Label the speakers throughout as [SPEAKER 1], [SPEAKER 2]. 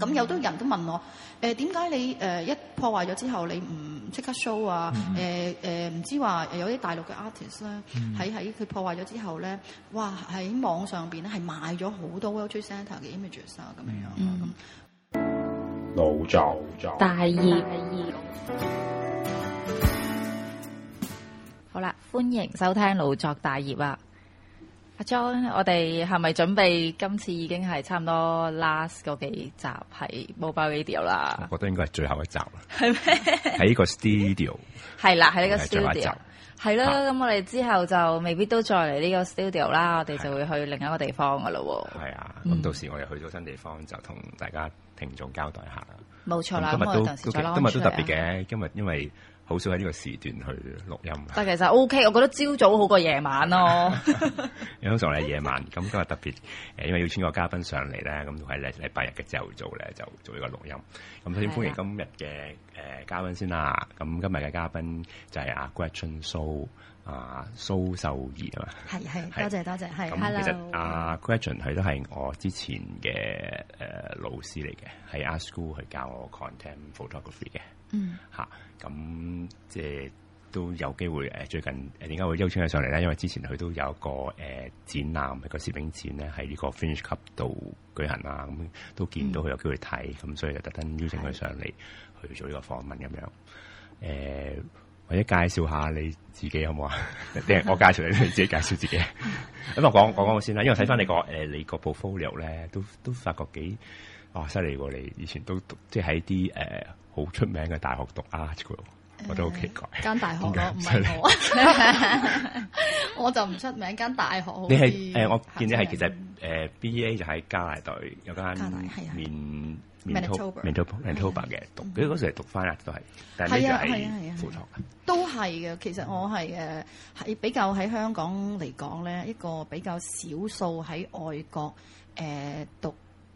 [SPEAKER 1] 咁、嗯、有多人都問我，誒點解你誒、呃、一破壞咗之後，你唔即刻 show 啊？誒、嗯、誒，唔、呃呃、知話有啲大陸嘅 artist 咧，喺喺佢破壞咗之後咧，哇喺網上邊咧係賣咗好多 World Trade Center 嘅 images 啊，咁樣咁。
[SPEAKER 2] 老、嗯、作大業。
[SPEAKER 3] 好啦，歡迎收聽老作大業啊！阿 John 我哋係咪準備今次已經係差唔多 last 嗰幾集喺 mobile studio 啦？我
[SPEAKER 2] 覺得應該係最後一集
[SPEAKER 3] 啦，
[SPEAKER 2] 喺 呢個 studio。
[SPEAKER 3] 係啦，喺呢個 studio。係啦，咁我哋之後就未必都再嚟呢個 studio 啦，我哋就會去另一個地方噶咯。係啊，
[SPEAKER 2] 咁、嗯、到時我哋去咗新地方就同大家聽眾交代一下，
[SPEAKER 3] 沒錯啦。冇錯啦，今日都今日都特別嘅，
[SPEAKER 2] 今日因為。好少喺呢個時段去錄音，
[SPEAKER 3] 但其實 O、OK, K，我覺得朝早好過夜 晚咯。
[SPEAKER 2] 通常咧夜晚，咁今日特別誒，因為要邀請個嘉賓上嚟咧，咁都喺禮禮拜日嘅朝頭早咧，就做呢個錄音。咁首先歡迎今日嘅誒嘉賓先啦。咁今日嘅嘉賓就係阿 Gretchen 蘇啊蘇秀儀啊，係係，多謝多謝，係。咁其實阿、呃、Gretchen 佢都係我之前嘅誒、呃、老師嚟嘅，喺阿 School 去教我 Contemporary Photography 嘅。嗯，吓咁即係都有機會誒，最近誒點解會邀請佢上嚟咧？因為之前佢都有一個誒展覽，個攝影展咧喺呢個 Fringe Club 度舉行啦，咁都見到佢有機會睇，咁、嗯、所以就特登邀請佢上嚟去做呢個訪問咁樣。誒、呃，或者介紹下你自己好唔好啊？定 係 我介紹你，你自己介紹自己？咁 我講講講先啦，因為睇翻你個誒、嗯呃，你個 portfolio 咧，都都發覺幾啊犀利過你以前都即係喺啲誒。呃好出名嘅大學讀 art，我都好奇怪。
[SPEAKER 1] 間、呃、大學唔係我，我， 我就唔出名。間 大學，你係、
[SPEAKER 2] 呃、我見你係其實、呃、B.A. 就喺加拿大有間，係啊，面面 o 面套面套 Manitoba 嘅讀，佢嗰時係讀翻啊，都係。係啊，係啊，係啊，
[SPEAKER 1] 都係嘅。其實我係誒，係比較喺香港嚟講咧，一個比較少數喺外國誒、呃、讀。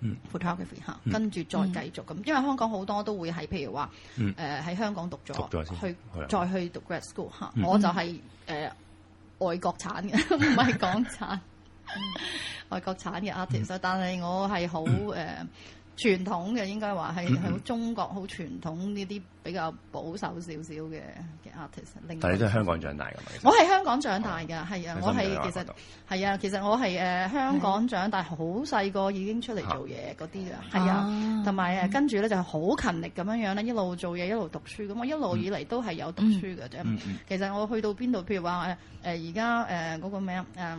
[SPEAKER 1] 嗯 photography 跟住再繼續咁，mm. 因為香港好多都會係譬如話，誒、mm. 喺、呃、香港讀咗，去、yeah. 再去讀 grad school、mm. 我就係外國產嘅，唔係港產，外國產嘅 artist，但係我係好、誒傳統嘅應該話係喺中國好傳統呢啲比較保守少少嘅嘅 artist。但係你都係
[SPEAKER 2] 香港長大嘛？
[SPEAKER 1] 我係香港長大嘅，係、哦、啊，我係其實係啊，其實我係誒香港長大，好細個已經出嚟做嘢嗰啲嘅，係啊，同埋誒跟住咧就好勤力咁樣樣咧，一路做嘢一路讀書，咁我一路以嚟都係有讀書嘅啫、嗯嗯嗯。其實我去到邊度，譬如話誒誒而家誒嗰個咩啊誒。呃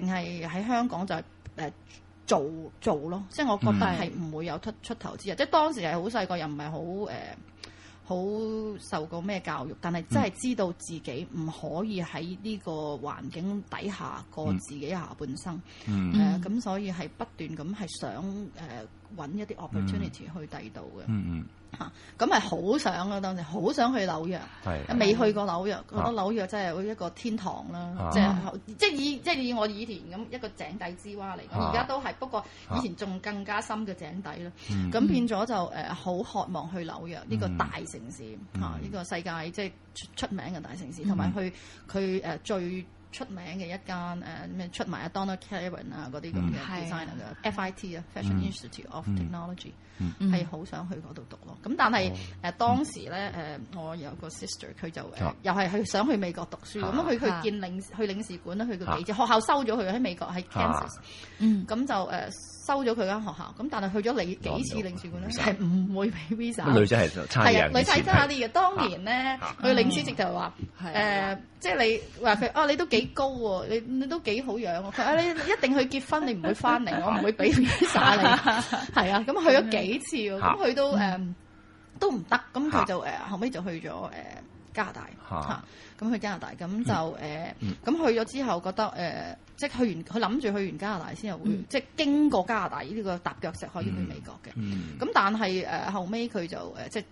[SPEAKER 1] 淨係喺香港就誒做做咯，即、就、係、是、我覺得係唔會有出、嗯、出頭之日。即、就、係、是、當時係好細個，又唔係好誒，好受過咩教育，但係真係知道自己唔可以喺呢個環境底下過自己下半生。
[SPEAKER 4] 誒、嗯、咁、
[SPEAKER 1] 嗯呃，所以係不斷咁係想誒搵、呃、一啲 opportunity 去第二度嘅。嗯嗯嗯。
[SPEAKER 4] 嚇、
[SPEAKER 1] 啊！咁係好想咯，當時好想去紐約，
[SPEAKER 4] 未去過紐約，覺得紐
[SPEAKER 1] 約真係會一個天堂啦，即係即以即、即係、以我以前咁一個井底之蛙嚟講，而家都係不過以前仲更加深嘅井底啦咁變咗就好、呃、渴望去紐約呢、這個大城市呢、啊這個世界即出出名嘅大城市，同埋去佢、呃、最。出名嘅一間誒咩出賣 Donald 啊 Donna Karan 啊嗰啲咁嘅 designer 嘅 FIT 啊 Fashion Institute of Technology、嗯、係、嗯、好想去嗰度讀咯，咁、嗯、但係誒、嗯呃、當時咧誒、呃、我有個 sister 佢就誒、呃啊、又係去想去美國讀書咁，佢、啊、去見領、啊、去領事館咧去到幾之後、啊、學校收咗佢喺美國喺 Kansas，咁、啊嗯、就誒、呃。收咗佢間學校，咁但係去咗你幾次領事館咧，係唔會俾 visa。女仔係差啲嘅，女仔係差啲嘅。當年咧，佢、啊、領事席就話：誒、嗯呃，即係你話佢哦，你都幾高喎、哦，你你都幾好樣、哦。佢啊，你一定去結婚， 你唔會翻嚟，我唔會俾
[SPEAKER 4] visa、啊、你。
[SPEAKER 1] 係 啊，咁去咗幾次喎，咁、啊、佢、啊、都誒、啊嗯、都唔得，咁佢就誒後尾就去咗誒加拿大嚇，咁、啊啊、去加拿大咁就誒，咁、嗯啊、去咗之後覺得誒。呃即係去完，佢諗住去完加拿大先又會，嗯、即係經過加拿大呢個踏腳石可以去美國嘅。咁、嗯嗯、但係誒、呃、後尾，佢就即係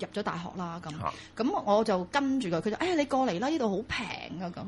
[SPEAKER 1] 入咗大學啦咁。咁、啊、我就跟住佢，佢就呀、哎，你過嚟啦，呢度好平啊咁。誒、哦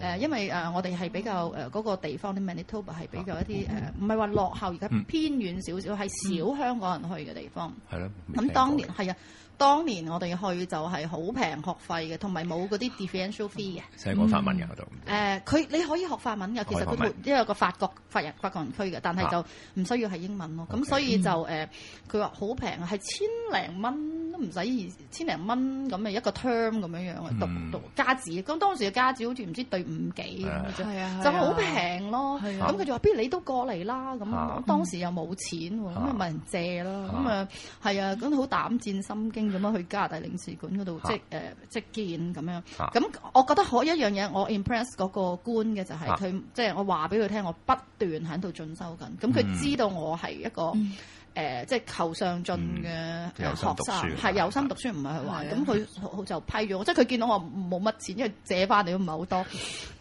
[SPEAKER 1] 呃、因為誒、呃、我哋係比較誒嗰、呃嗰個地方啲 Manitoba 係比較一啲誒，唔係話落後而家偏遠少少，係、嗯、少香港人去嘅地方。
[SPEAKER 2] 咯、嗯。咁當
[SPEAKER 1] 年係啊。當年我哋去就係好平學費嘅，同埋冇嗰啲 differential fee 嘅、嗯。寫法文嘅嗰度。誒，佢你可以學法文嘅，其實佢因為有個法國法人法國人區嘅，但係就唔需要係英文咯。咁、啊、所以就誒，佢話好平啊，係千零蚊都唔使，千零蚊咁咪一個 term 咁樣樣讀讀家子。咁、嗯、當時嘅家子好似唔知對五幾咁嘅、哎、就好平咯。咁、哎、佢、嗯啊嗯啊、就話，不如你都過嚟啦。咁當時又冇錢，咁咪問人借咯。咁啊，係啊，咁、嗯、好、啊啊啊啊、膽戰心驚。咁樣去加拿大領事館嗰度，即誒、呃、即見咁樣。咁、啊、我覺得可一樣嘢，我 impress 嗰個官嘅就係、是、佢、啊，即係我話俾佢聽，我不斷喺度進修緊。咁佢知道我係一個誒、嗯呃，即係求上進嘅學生，係、嗯、有心讀書，唔係去玩。咁佢對就批咗我，即係佢見到我冇乜錢，因為借翻嚟都唔係好多。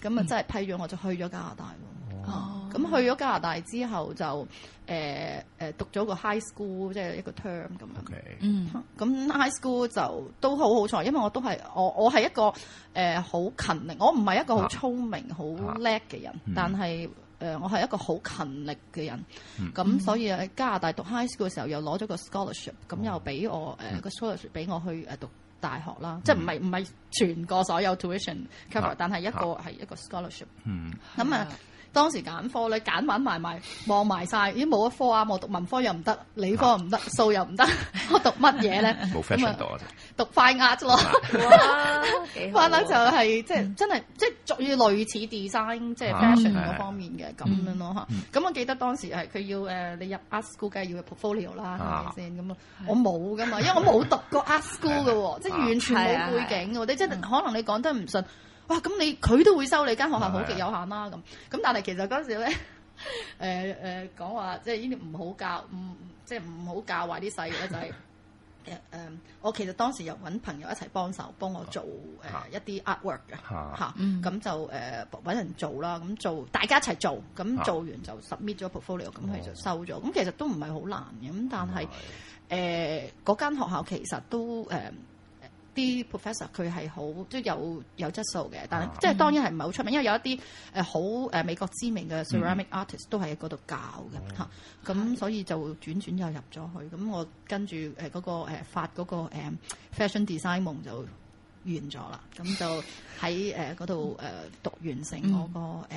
[SPEAKER 1] 咁啊，真係批咗我就去咗加拿大。咁、嗯、去咗加拿大之後就誒誒、呃、讀咗個 high school，即係一個 term 咁樣、okay. 嗯。嗯。咁 high school 就都好好彩，因為我都係我我係一個誒好、呃、勤力，我唔係一個好聰明好叻嘅人，啊啊嗯、但係、呃、我係一個好勤力嘅人。
[SPEAKER 2] 咁、嗯嗯嗯、所以
[SPEAKER 1] 喺加拿大讀 high school 嘅時候，又攞咗個 scholarship，咁、嗯、又俾我誒、呃嗯、個 scholarship 俾我去誒讀大學啦、嗯啊嗯。即係唔係唔係全個所有 tuition cover、啊、但係一個係、啊、一個 scholarship 嗯。嗯。咁啊～、嗯當時揀科咧，揀玩埋埋，望埋晒，咦，冇一科啊！我讀文科又唔得，理科又唔得，數又唔得，我讀乜嘢咧？冇 fashion 讀快壓啫喎，快壓、 啊、就係、是、即係、嗯、真係即係屬於類似 design、嗯、即係 fashion 嗰、嗯、方面嘅咁、嗯、樣咯嚇。咁、嗯嗯、我記得當時係佢要誒、呃、你入 art school，梗係要入 portfolio 啦，係咪先？咁啊，我冇噶嘛，因為我冇讀過 art school 嘅喎，即係、啊就是、完全冇背景嘅喎、啊啊。你即係、嗯、可能你講得唔信。哇！咁你佢都會收你，間學校好極有限啦，咁咁，但係其實嗰陣時咧，講、呃呃、話即係呢啲唔好教，唔、嗯、即係唔好教壞啲細路仔。誒 誒、就係呃，我其實當時又搵朋友一齊幫手幫我做、呃啊、一啲 artwork 嘅、啊、咁、啊、就誒揾、呃、人做啦，咁、嗯、做大家一齊做，咁、嗯啊、做完就 submit 咗 portfolio，咁佢就收咗。咁、哦、其實都唔係好難嘅，咁但係誒嗰間學校其實都誒。呃啲 professor 佢係好即係有有質素嘅，但係即係當然係唔係好出名，因為有一啲誒好誒美國知名嘅 ceramic artist 都係喺嗰度教嘅嚇，咁、嗯哦、所以就轉轉又入咗去，咁我跟住誒嗰個誒發嗰個 fashion design 夢就完咗啦，咁、嗯、就喺誒嗰度誒讀完成我個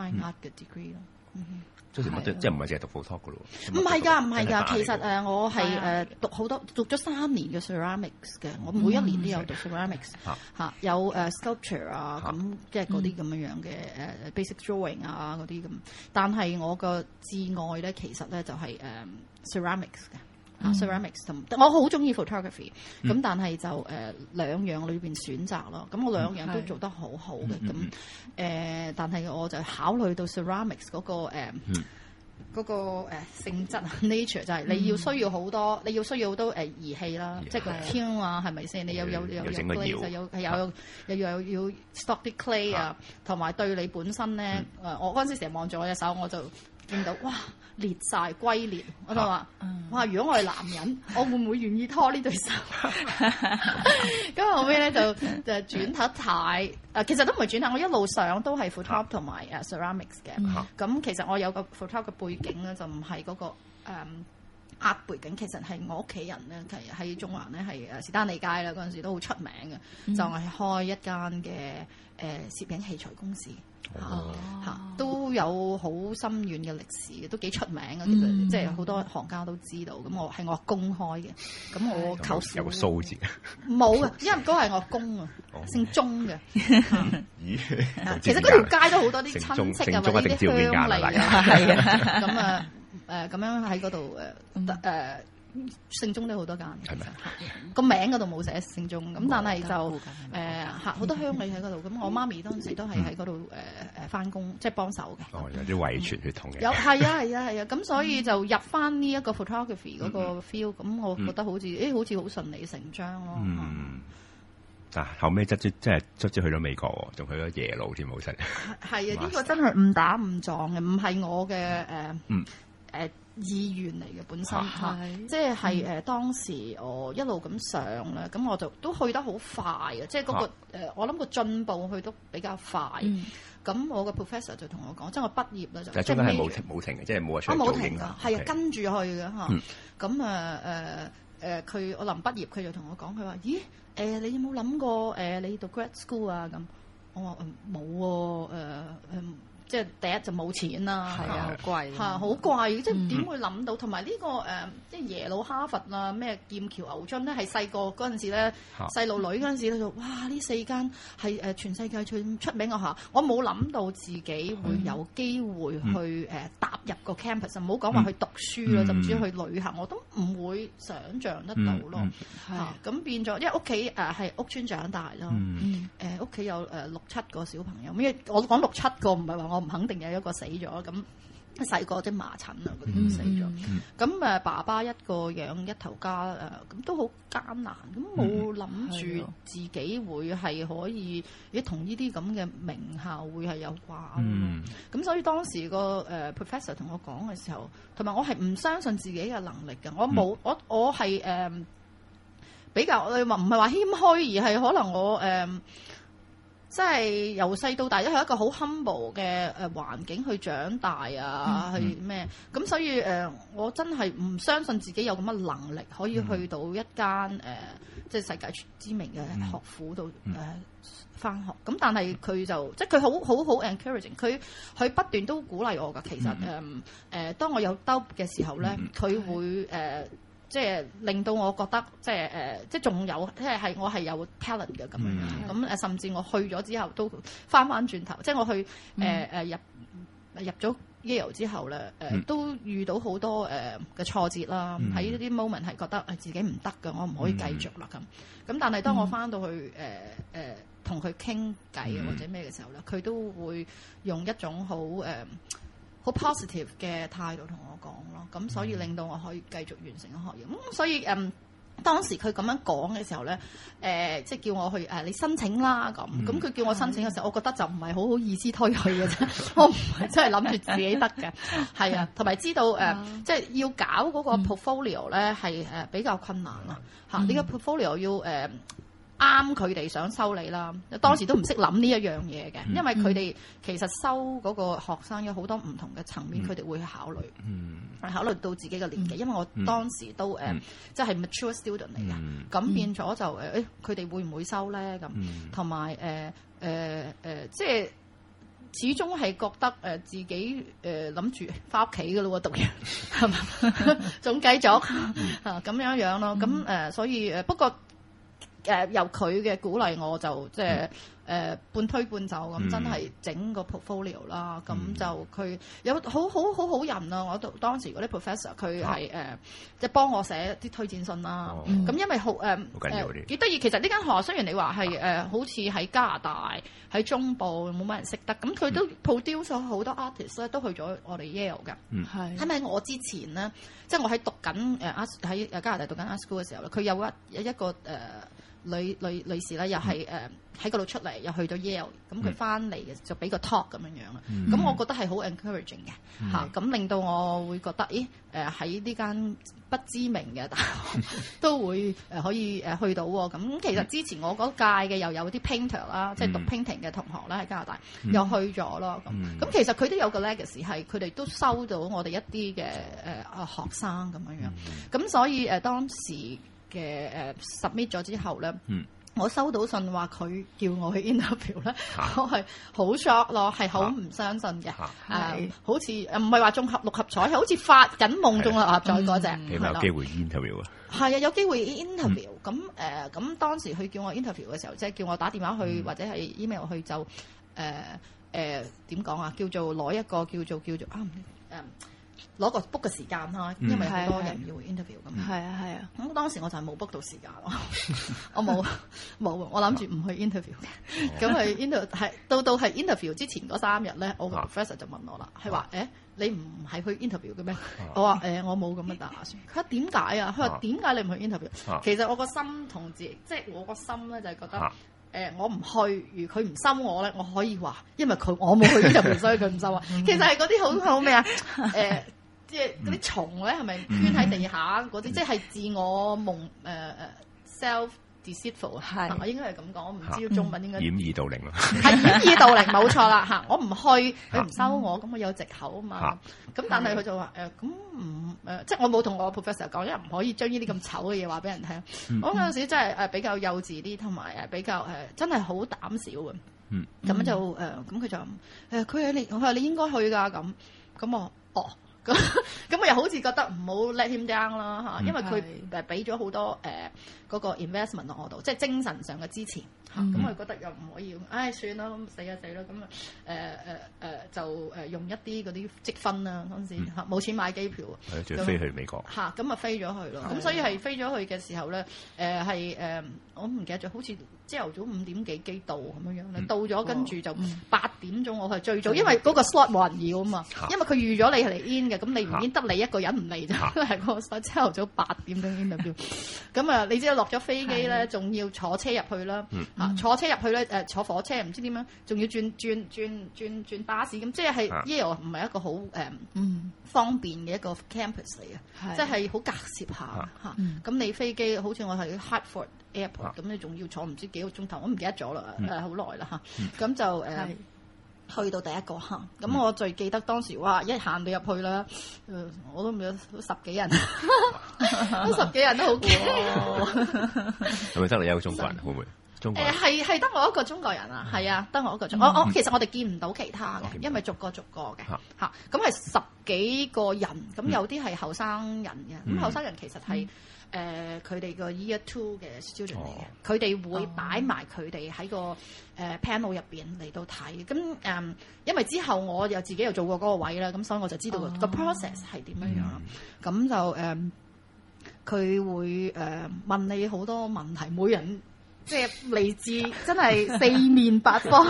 [SPEAKER 1] fine art 嘅 degree 咯。嗯哼，即係唔係
[SPEAKER 2] 淨係讀 photography 嘅咯？唔係㗎，唔係㗎。其實誒，我係誒
[SPEAKER 1] 讀好多讀咗三年嘅 ceramics 嘅、嗯。我每一年都有讀 ceramics 嚇、啊啊，有誒、uh, sculpture 啊，咁、啊、即係嗰啲咁樣樣嘅誒 basic drawing 啊嗰啲咁。但係我個至愛咧，其實咧就係、是、誒、uh, ceramics 嘅。啊 mm. ceramics，我好中意 photography，咁、mm. 但係就誒兩、uh, 樣裏邊選擇咯，咁我兩樣都做得好好嘅，咁、
[SPEAKER 4] mm.
[SPEAKER 1] 誒、嗯 uh, 但係我就考慮到 ceramics 嗰、嗰個誒嗰、uh, mm. 嗰個 uh, 性質 nature，就係你要需要好多，mm. 你要需要好多誒、uh, 儀器啦，mm. 即係 kiln 嘛係咪先？你有、嗯、有有有有有有要要、啊、有要 stock 啲 clay 啊，同、啊、埋對你本身咧，誒、嗯、我嗰陣時成日望住我隻手，我就見到哇！裂晒龜裂，我就話、啊：哇！如果我係男人， 我會唔會願意拖呢對手？咁 後尾咧就就轉頭睇，誒其實都唔係轉頭，我一路上都係 photography 同埋誒 ceramics 嘅。咁、嗯、其實我有個 photography 嘅背景咧、那個，就唔係嗰個誒壓背景，其實係我屋企人咧，其實喺中環咧係誒士丹利街啦，嗰陣時都好出名嘅、嗯，就係、是、開一間嘅誒、啊、攝影器材公司。吓、啊，都有好深遠嘅歷史嘅，都幾出名嘅。其實、嗯、即係好多行家都知道。咁我係我阿公開嘅，咁我舅
[SPEAKER 2] 有個蘇字，
[SPEAKER 1] 冇啊，因為嗰個係 中的 那都係我公啊，姓鍾嘅。
[SPEAKER 2] 咦？
[SPEAKER 4] 其實嗰條街都好多啲親戚啊，或者啲鄉里嘅。係啊。咁啊，
[SPEAKER 1] 誒，咁樣喺嗰度誒，誒。聖忠都好多間，係咪個名嗰度冇寫聖忠，咁但係就誒吓好多鄉里喺嗰度。咁我媽咪當時都係喺嗰度誒誒翻工，即係幫手嘅。哦，
[SPEAKER 2] 有啲遺傳血統嘅。有係啊
[SPEAKER 1] 係啊係啊，咁、啊啊、所以就入翻呢一個 photography 嗰個 feel，咁、嗯、我覺得好似誒好似好順理成章咯。
[SPEAKER 2] 嗯，嗱、欸嗯啊、後屘卒之即係卒之去咗美國，仲去咗耶魯添，好犀利。係啊，呢、這個真係
[SPEAKER 1] 誤打誤撞嘅，唔係我嘅誒誒。呃嗯呃意願嚟嘅本身嚇，即係係誒當時我一路咁上咧，咁、啊啊、我就都去得好快啊！即係嗰個我諗個進步去得比較快。咁、啊啊、我個 professor 就同我講，即、就、係、是、我畢業咧就即係冇停冇、
[SPEAKER 2] 就是、停嘅，即係冇話出嚟冇停㗎，係啊跟
[SPEAKER 1] 住去嘅嚇。咁啊誒誒，佢、呃、我臨畢業說，佢就同我講，佢話咦誒、呃，你有冇諗過誒、呃，你讀 grad school 啊？咁我話冇誒即係第一就冇錢啦，係啊好、啊貴，啊、貴，嚇好貴，即係點會諗到？同埋呢個誒、呃，即係耶魯、哈佛啦，咩劍橋、牛津咧，係細個嗰陣時咧，細路女嗰陣時咧、嗯、就哇，呢四間係誒全世界最出名嘅嚇，我冇諗到自己會有機會去誒、嗯呃、踏入個 campus，唔好講話去讀書啦、嗯，甚至去旅行我都唔會想像得到咯咁、嗯啊、變咗，因為屋企誒係屋村長大咯，誒屋企有誒六七個小朋友。咩我講六七個唔係話我。唔肯定，有一個死咗，咁細個啲麻疹啊，嗰、那、啲、個，死
[SPEAKER 4] 咗。
[SPEAKER 1] 咁誒、嗯，爸爸一個養一頭家誒，咁都好艱難。咁冇諗住自己會係可以，同呢啲咁嘅名校會係有關。咁、嗯、所以當時個誒 professor 同我講嘅時候，同埋我係唔相信自己嘅能力嘅。我冇、嗯、我我係誒、呃、比較，我話唔係話謙虛，而係可能我誒。呃即係由細到大都係一個好 humble 嘅誒環境去長大啊，嗯、去咩咁？所以誒、呃，我真係唔相信自己有咁嘅能力可以去到一間誒、嗯呃，即係世界知名嘅學府度誒返學。咁但係佢就即係佢好好好 encouraging，佢佢不斷都鼓勵我㗎。其實誒誒、嗯呃，當我有 doubt 嘅時候咧，佢、嗯、會誒。即、就、係、是、令到我覺得，即係誒，即係仲有，即係係我係有 talent 嘅咁咁誒，mm -hmm. 甚至我去咗之後都翻翻轉頭，即、就、係、是、我去誒誒、呃、入入咗 Yale 之後咧，誒、呃 mm -hmm. 都遇到好多誒嘅、呃、挫折啦。喺呢啲 moment 係覺得自己唔得㗎，我唔可以繼續啦咁。咁、mm -hmm. 但係當我翻到去誒誒同佢傾偈或者咩嘅時候咧，佢都會用一種好誒。呃好 positive 嘅態度同我講咯，咁所以令到我可以繼續完成嘅學業。咁所以誒、嗯，當時佢咁樣講嘅時候咧，即、呃、係、就是、叫我去、呃、你申請啦咁。咁佢、嗯、叫我申請嘅時候、嗯，我覺得就唔係好好意思推佢嘅啫。 我唔係真係諗住自己得嘅，係 啊，同埋知道即係、嗯呃就是、要搞嗰個 portfolio 咧係、呃、比較困難啦嚇。呢、嗯啊呢個 portfolio 要、呃啱佢哋想收你啦，當時都唔識諗呢一樣嘢嘅，因為佢哋其實收嗰個學生有好多唔同嘅層面，佢哋會去考慮，考慮到自己嘅年紀。因為我當時都即係、嗯呃即係、mature student 嚟㗎，咁、嗯、變咗就佢哋、呃、會唔會收咧？咁同埋即係始終係覺得自己諗住翻屋企嘅咯，讀、呃、嘢，總計咗咁樣樣咯。咁、呃、所以不過。呃、由佢嘅鼓勵，我就即係、就是嗯呃、半推半就咁、嗯嗯，真係整個 portfolio 啦、嗯。咁就佢有好好好好人啊！我當當時嗰啲 professor，佢係誒即係幫我寫啲推薦信啦、啊。咁、哦嗯、因為好誒幾得意。其實呢間學校雖然你話係、啊呃、好似喺加拿大喺中部冇乜人識得，咁佢都 produce 咗好多 artist 咧、嗯，都去咗我哋 Yale 嘅。係、嗯，係咪我之前咧，即、就、係、是、我喺讀緊、呃、加拿大讀緊 art school 嘅時候，佢有一一個、呃女女女士咧，又係誒喺嗰度出嚟，又去到 Yale，咁佢翻嚟嘅就俾個 talk 咁樣樣啦。咁、嗯、我覺得係好 encouraging 嘅嚇，咁、嗯啊、令到我會覺得，咦誒喺呢間不知名嘅大學都會誒、呃、可以誒、呃、去到喎、哦。咁其實之前我嗰屆嘅又有啲 painter 啦，即係讀 painting 嘅同學啦，喺加拿大、嗯、又去咗咯。咁咁其實佢都有個 legacy 係，佢哋都收到我哋一啲嘅誒啊學生咁樣樣。咁所以誒、呃、當時。嘅、呃、submit 咗之後咧、嗯，我收到信話佢叫我去 interview 咧、啊，我係好 short 咯，係好唔相信嘅、啊啊呃，好似唔係話綜合六合彩，係好似發緊夢中六合彩嗰隻、嗯，你咪有機
[SPEAKER 2] 會 interview
[SPEAKER 1] 啊？係啊，有機會 interview、嗯。咁誒，咁、呃、當時佢叫我 interview 嘅時候，即、就、係、是、叫我打電話去、嗯、或者係 email 去就誒誒點講啊？叫做攞一個叫做叫做、啊啊攞個 book 嘅時間啦，因為好多人要 interview 咁、嗯。係啊係啊，咁當時我就係冇 book 到時間
[SPEAKER 4] 喎、嗯，我
[SPEAKER 1] 冇冇， 我諗住唔去 interview 嘅、啊。咁去 interview 係到到係 interview 之前嗰三日咧，我個 professor 就問我啦，係話誒你唔係去 interview 嘅咩、啊？我話誒、欸、我冇咁嘅打算。佢話點解啊？佢話點解你唔去 interview？、啊、其實我個心同志，即、就、係、是、我個心咧就係覺得。誒、呃，我唔去，如佢唔收我咧，我可以話，因為佢我冇去入邊， 所以佢唔收啊。 其實係嗰啲好好咩啊？誒， 即係嗰啲蟲咧，係咪圈喺地下嗰啲？即 係自我夢誒誒 self。deceitful 啊，係，我應該係咁講，我唔知中文應該掩耳
[SPEAKER 2] 盜鈴咯，係掩耳
[SPEAKER 1] 盜鈴，冇錯啦，嚇、嗯， 我唔去，佢唔收我，咁、嗯嗯、我有藉口啊嘛，咁但係佢就話誒，咁唔誒，即係我冇同我 professor 講，因為唔可以將呢啲咁醜嘅嘢話俾人聽，我嗰陣時真係誒比較幼稚啲，同埋誒比較誒真係好膽小啊，咁就誒，咁佢就誒，佢話你，佢話你應該去㗎，咁，咁我，哦。咁 咁我又好似覺得唔好 let him down 啦吓、嗯、因為佢誒俾咗好多誒嗰、呃嗰個 investment 落我度，即係精神上嘅支持。咁、嗯、我、啊、覺得又唔可以，唉，算啦，死啊死啦！咁啊，誒誒誒，就誒用一啲嗰啲積分啦。嗰陣時冇錢買機票，係仲要飛去美國。嚇、啊，咁啊飛咗去咯。咁所以係飛咗去嘅時候咧，誒係誒，我唔記得咗，好似朝頭早五點幾機到咁樣樣到咗、啊、跟住就八點鐘，我係最早，因為嗰個 slot 冇人要啊嘛。因為佢、啊、預咗你係嚟 in 嘅，咁你唔然得你一個人唔嚟咋？嗰個 slot 朝頭早八點鐘 in 嘅票。咁啊，你知啦，落咗飛機咧，仲要坐車入去啦。嗯坐車入去咧，誒、呃、坐火車唔知點樣，仲要轉轉轉轉轉,轉巴士咁，即係 Yale 唔係一個好誒、嗯
[SPEAKER 4] 嗯、
[SPEAKER 1] 方便嘅一個 campus 嚟嘅，即係好隔涉下嚇。咁、啊啊嗯、你飛機好似我係 Hartford Airport，咁你仲要坐唔知幾個鐘頭，我唔記得咗啦，好耐啦嚇。咁、嗯、就誒、呃、去到第一個行，咁、啊、我最記得當時哇，一行到入去啦、呃，我都唔有十幾人，都 十幾人都好驚，
[SPEAKER 2] 係咪得你一個中國人會唔會？誒
[SPEAKER 1] 係係得我一個中國人、嗯、是啊，係啊，得我一個中國人、嗯。我我其實我哋見唔到其他嘅，因為逐個逐個嘅吓咁係十幾個人，咁、嗯、有啲係後生人嘅。咁後生人其實係誒佢哋個 year two 嘅 student 嚟嘅，佢、哦、哋會擺埋佢哋喺個 panel 入邊嚟到睇。咁誒、呃，因為之後我又自己又做過嗰個位啦，咁所以我就知道個 process 係點樣樣。咁、哦嗯、就誒，佢、呃、會誒、呃、問你好多問題，每人。即係嚟自真係四面八方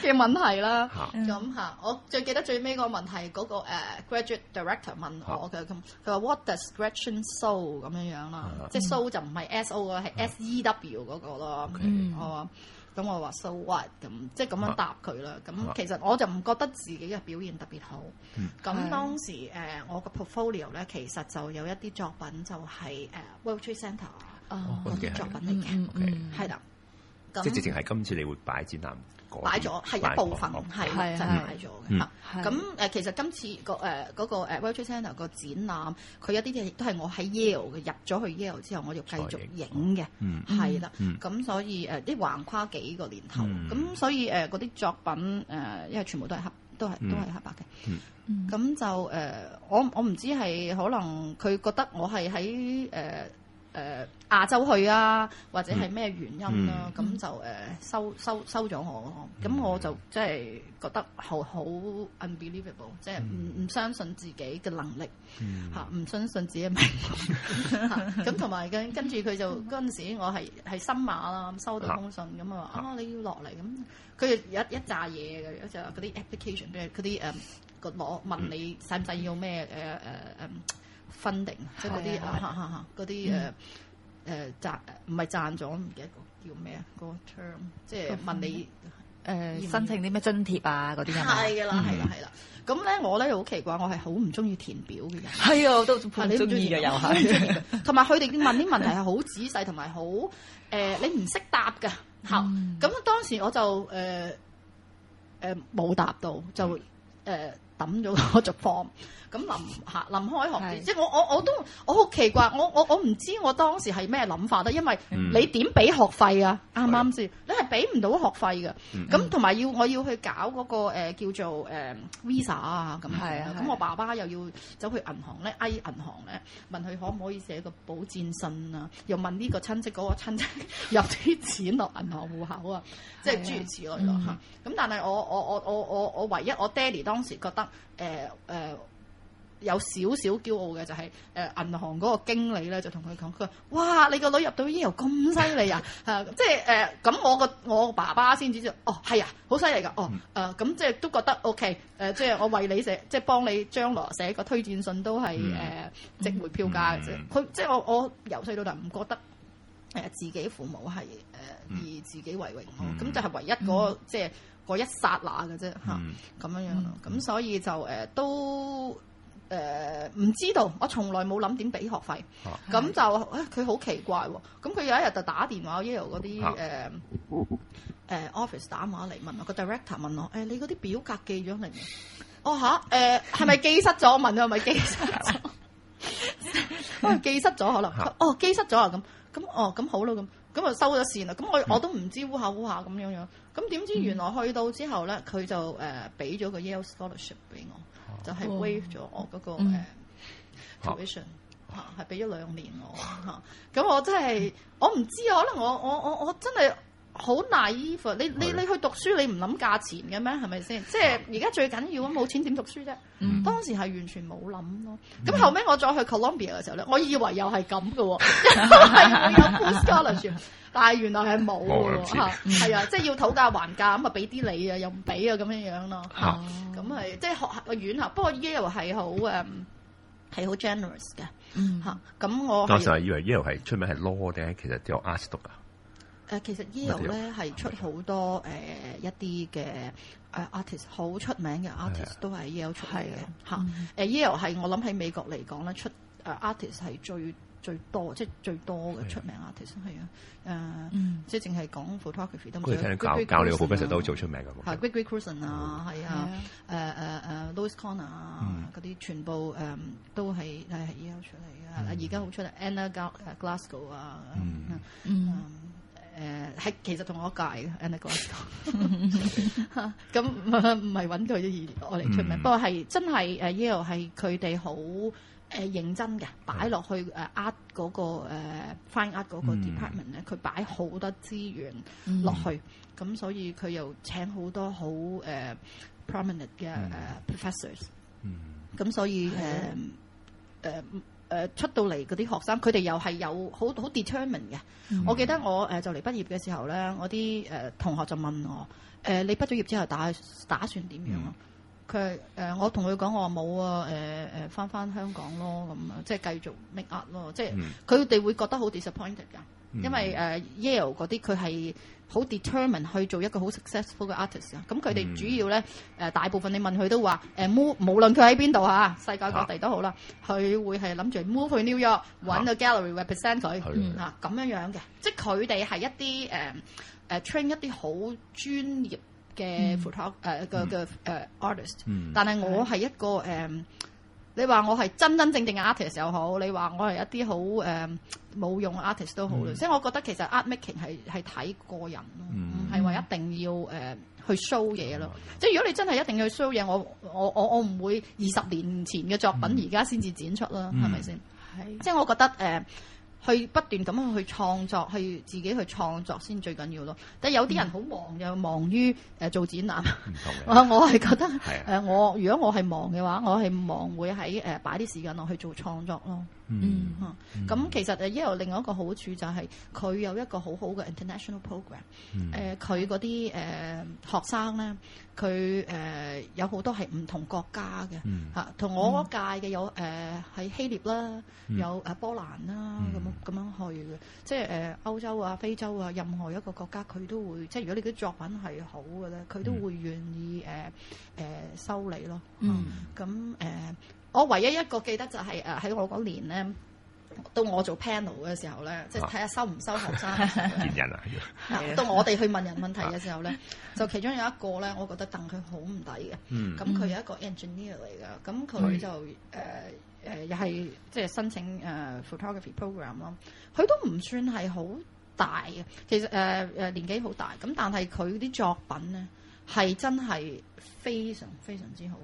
[SPEAKER 1] 嘅問題啦。咁吓，我最記得最尾個問題，嗰、那個 graduate director 問我嘅咁，佢、啊、話 what does Gretchen sew 咁樣樣啦、啊。即係、so、sew、嗯、就唔係 S O 咯，係 S E W 嗰個咯、okay, 嗯。我咁我話 so what 咁，即係咁樣答佢啦。咁其實我就唔覺得自己嘅表現特別好。
[SPEAKER 4] 咁、啊、當
[SPEAKER 1] 時誒、嗯呃、我個 portfolio 咧，其實就有一啲作品就係、是、誒、uh, World Tree Center 嗰、oh, 啲、okay, 作品嚟嘅，係、
[SPEAKER 2] okay, 啦，即係直情係今次你會擺展覽，擺咗係一部分係真，係就係擺咗嘅。
[SPEAKER 1] 咁、嗯嗯嗯嗯、其實今次個、uh, 嗰個誒嗰、uh, 個誒 virtual centre 展覽，佢有啲嘢亦都係我喺 Yale 入咗去 Yale 之後，我就繼續影嘅，
[SPEAKER 4] 係啦。咁、嗯嗯
[SPEAKER 1] 嗯、所以誒，啲、uh, 橫跨幾個年頭，咁、嗯、所以誒嗰啲作品誒，uh, 因為全部都係黑，都係、嗯、都係黑白嘅。咁、嗯嗯、就誒、uh,，我我唔知係可能佢覺得我係喺誒。Uh, 誒、呃、亞洲去啊，或者係咩原因啦、啊？咁、嗯嗯、就、呃、收收收咗我，咁、嗯、我就即係覺得好好 unbelievable，即係唔唔相信自己嘅能力嚇，唔、嗯啊、相信自己嘅命嚇。咁同埋跟跟住佢就嗰、嗯、陣時我係係新馬啦，收到封信咁啊，話啊你要落嚟咁，佢、啊、有一一紮嘢嘅，一、就、啲、是、application 即係啲誒個攞問你使唔使要咩誒誒分定即係嗰啲嗰啲誒誒賺唔係賺咗唔記得叫咩啊，個 term 即係問你誒、呃、申請啲咩津貼啊嗰啲係嘅啦係啦係啦，咁咧我咧又好奇怪，我係好唔中意填表嘅人，
[SPEAKER 3] 係啊，我都唔中意嘅，你又唔中意嘅，同
[SPEAKER 1] 埋佢哋問啲問題係、呃嗯、好仔細，同埋好誒你唔識答嘅，好，咁當時我就誒誒冇答到就誒抌咗嗰個 form。呃 咁林嚇林開學，即係我我我都我好奇怪，我我我唔知我當時係咩諗法咧，因為你點俾學費啊？啱啱先？你係俾唔到學費嘅。咁同埋要我要去搞嗰、嗰個、呃、叫做誒、呃、visa 啊咁。咁我爸爸又要走去銀行咧，A 銀行咧問佢可唔可以寫個保證信啊？又問呢個親戚嗰、嗰個親戚入啲 錢落銀行戶口啊，即係諸如此類咯嚇，咁但係我我我我我我唯一我爹哋當時覺得、呃呃有少少驕傲嘅就係、是、誒、呃、銀行嗰個經理咧，就同佢講：佢話，哇！你個女入到 U 油咁犀利啊！嚇、 啊，即係誒咁，呃、我個我爸爸先知就哦係啊，好犀利噶哦誒咁，即、呃、係、呃就是、都覺得 O K 誒，即、okay, 係、呃就是、我為你寫，即、就、係、是、幫你將來寫個推薦信都係誒值回票價嘅啫。佢即係我我由細到大唔覺得誒自己父母係誒以自己為榮咯，咁就係唯一嗰即係一剎那嘅啫嚇咁樣樣咯。咁、嗯 嗯嗯嗯、所以就誒、呃、都。誒、呃、唔知道，我從來冇諗點俾學費，咁、啊、就佢好、哎、奇怪喎、啊。咁佢有一日就打電話 Yale 嗰啲誒 office 打電話嚟問我，啊個 director 問我、哎、你嗰啲表格寄咗嚟、啊啊嗯嗯啊 啊？哦，吓？誒係咪寄失咗？問問係咪寄失咗？因為寄失咗可能，哦寄失咗啊咁咁哦咁好喇。咁咁啊收咗線啦。咁我我都唔知烏、嗯、下烏下咁樣樣。咁點知原來去到之後咧，佢就誒俾咗個 Yale scholarship 俾我。就係、是、wave 咗我個誒誒 commission 吓，係俾咗兩年我吓咁、啊、我真係，我唔知，啊，可能我我我我真係。好 naive，你你你去讀書，你唔諗價錢嘅咩？係咪先？即係而家最緊要冇錢點讀書啫、嗯？當時係完全冇諗囉。咁、嗯、後尾我再去 Columbia 嘅時候呢，我以為又係咁嘅，又 係有 full scholarship，但係原來係冇喎，係啊，即係要討價還價咁啊，俾啲你啊，又唔俾啊，咁樣樣咯。咁係即係學校個院校，不過 Yale 又係好誒，係好 generous 嘅。嚇，咁、啊、我當時係
[SPEAKER 2] 以為 Yale 係出名係 law 嘅，其實叫 Arts 讀啊。
[SPEAKER 1] 誒其實 Yale 咧係出好多誒、呃、一啲嘅誒、呃、artist 好出名嘅 artist 都係 Yale 出嚟嘅嚇。誒 Yale 係我諗喺美國嚟講咧出誒、呃、artist 係最最多即係最多嘅出名 artist 係啊誒，即係淨係講 photography 都係聽教教練好經常都好做出名嘅 Gregory Crewdson 啊，係啊誒誒誒 Louis Connor 啊，嗰啲全部誒都係係係 Yale 出嚟嘅。而家好出嚟 Anna Gal Glasgow 啊，啊誒、uh, 係其實同我一屆嘅，And the guys 咁唔係揾佢而我嚟出名，嗯、不過係真係誒、uh, Yale 係佢哋好誒認真嘅，擺落去誒呃嗰個誒、uh, fine art 呃嗰個、嗯、department 咧，佢擺好多資源落去，咁、嗯、所以佢又請好多好誒、uh, prominent 嘅誒、uh, professors，咁、嗯嗯、所以誒誒。Uh, 出到嚟嗰啲學生，佢哋又係有好好 determined 嘅、嗯。我記得我、呃、就嚟畢業嘅時候咧，我啲、呃、同學就問我：呃、你畢咗業之後打打算點樣、嗯呃、啊？佢我同佢講我話冇啊，返翻翻香港咯，咁、嗯、啊，即係繼續 make up 咯，即係佢哋會覺得好 disappointed 噶。因為誒、嗯 uh, Yale 嗰啲佢係好 determined 去做一個好 successful 嘅 artist 啊，咁佢哋主要咧誒、嗯呃、大部分你問佢都話誒、uh, move，無論佢喺邊度嚇，世界各地都好啦，佢、啊、會係諗住 move 去 New York 揾個 gallery represent 佢嚇，咁樣樣嘅，即係佢哋係一啲誒誒 train 一啲好專業嘅 photo 嘅嘅誒 artist，、嗯、但係我係一個誒。你話我係真真正正嘅 artist 又好，你話我係一啲、呃、好誒冇用嘅 artist 都好咯，即我覺得其實 art making 係係睇個人咯，唔係話一定要誒、呃、去 show 嘢咯。即係如果你真係一定要 show 嘢，我我我我唔會二十年前嘅作品而家先至展出啦，係咪先？係，即係我覺得誒。呃去不斷咁樣去創作，去自己去創作先最緊要咯。但係有啲人好忙，又、嗯、忙於誒、呃、做展覽，我係覺得誒、呃、我如果我係忙嘅話，我係忙會喺誒、呃、擺啲時間落去做創作咯。嗯嚇，咁、嗯嗯嗯、其實誒，因為另外一個好處就係佢有一個很好好嘅 international program，誒、嗯，佢嗰啲誒學生咧，佢誒、呃、有好多係唔同國家嘅嚇，同、嗯、我嗰屆嘅有誒，係、呃、希臘啦，嗯、有誒波蘭啦，咁、嗯、咁樣去嘅，即係誒、呃、歐洲啊、非洲啊，任何一個國家佢都會，即係如果你啲作品係好嘅咧，佢都會願意誒誒收你咯。嗯，咁、嗯、誒。嗯我唯一一個記得就係誒喺我嗰年咧，到我做 panel 嘅時候咧，即係睇下收唔收學生。啊、 見人啊！
[SPEAKER 2] 到我哋去
[SPEAKER 1] 問人問題嘅時候咧、啊，就其中有一個咧，我覺得戥佢好唔抵嘅。咁佢有一個 engineer 嚟嘅，咁、嗯、佢就誒誒又係即係申請誒、呃、photography program 咯。佢都唔算係好大嘅，其實誒誒、呃、年紀好大。咁但係佢啲作品咧係真係非常非常之好。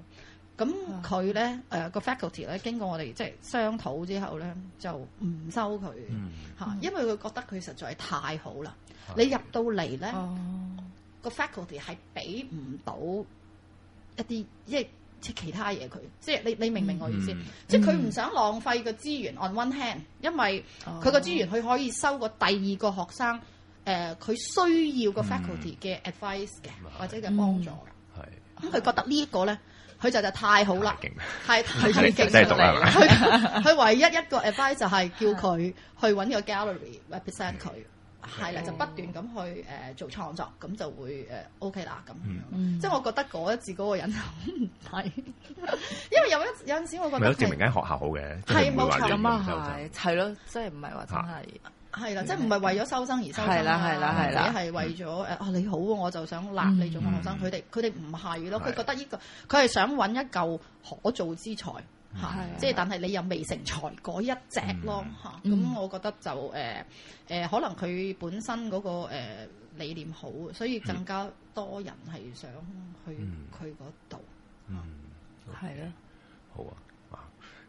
[SPEAKER 1] 咁佢咧，誒、嗯呃個 faculty 咧，經過我哋即係商討之後咧，就唔收佢、嗯嗯、因為佢覺得佢實在係太好啦、嗯。你入到嚟咧，嗯個 faculty 係俾唔到一啲即係其他嘢，佢即係你你明唔明我意思？嗯、即係佢唔想浪費個資源、嗯、on one hand，因為佢個資源佢可以收個第二個學生佢、嗯呃、需要個 faculty 嘅 advice 嘅、嗯、或者嘅幫助嘅。咁、嗯、佢、嗯、覺得呢一個咧。佢就就太好啦，係太勁咗啦！佢佢唯一一個 advice 就係叫佢去揾個 gallery r epresent 佢，係、嗯、啦，就不斷咁去誒、uh, 做創作，咁就會誒、uh, OK 啦咁。嗯嗯，即係我覺得嗰一字嗰個人就係，因為有一有陣時我覺得證明間學
[SPEAKER 2] 校好嘅，係冇錯、嗯、啊，係
[SPEAKER 1] 係咯，即係唔係話真係。係啦，即係唔係為咗收生而收生啊？或者係為咗誒啊你好，我就想揦你做學生，佢哋佢哋唔係咯，佢覺得呢、這個佢係想揾一嚿可造之材
[SPEAKER 4] 吓，即係但
[SPEAKER 1] 係你又未成才嗰一隻咯吓。咁、嗯、我覺得就誒誒、呃呃，可能佢本身嗰、那個誒、呃、理念好，所以更加多人係想
[SPEAKER 4] 去佢嗰度。
[SPEAKER 2] 嗯，
[SPEAKER 4] 係咯、嗯嗯，好啊。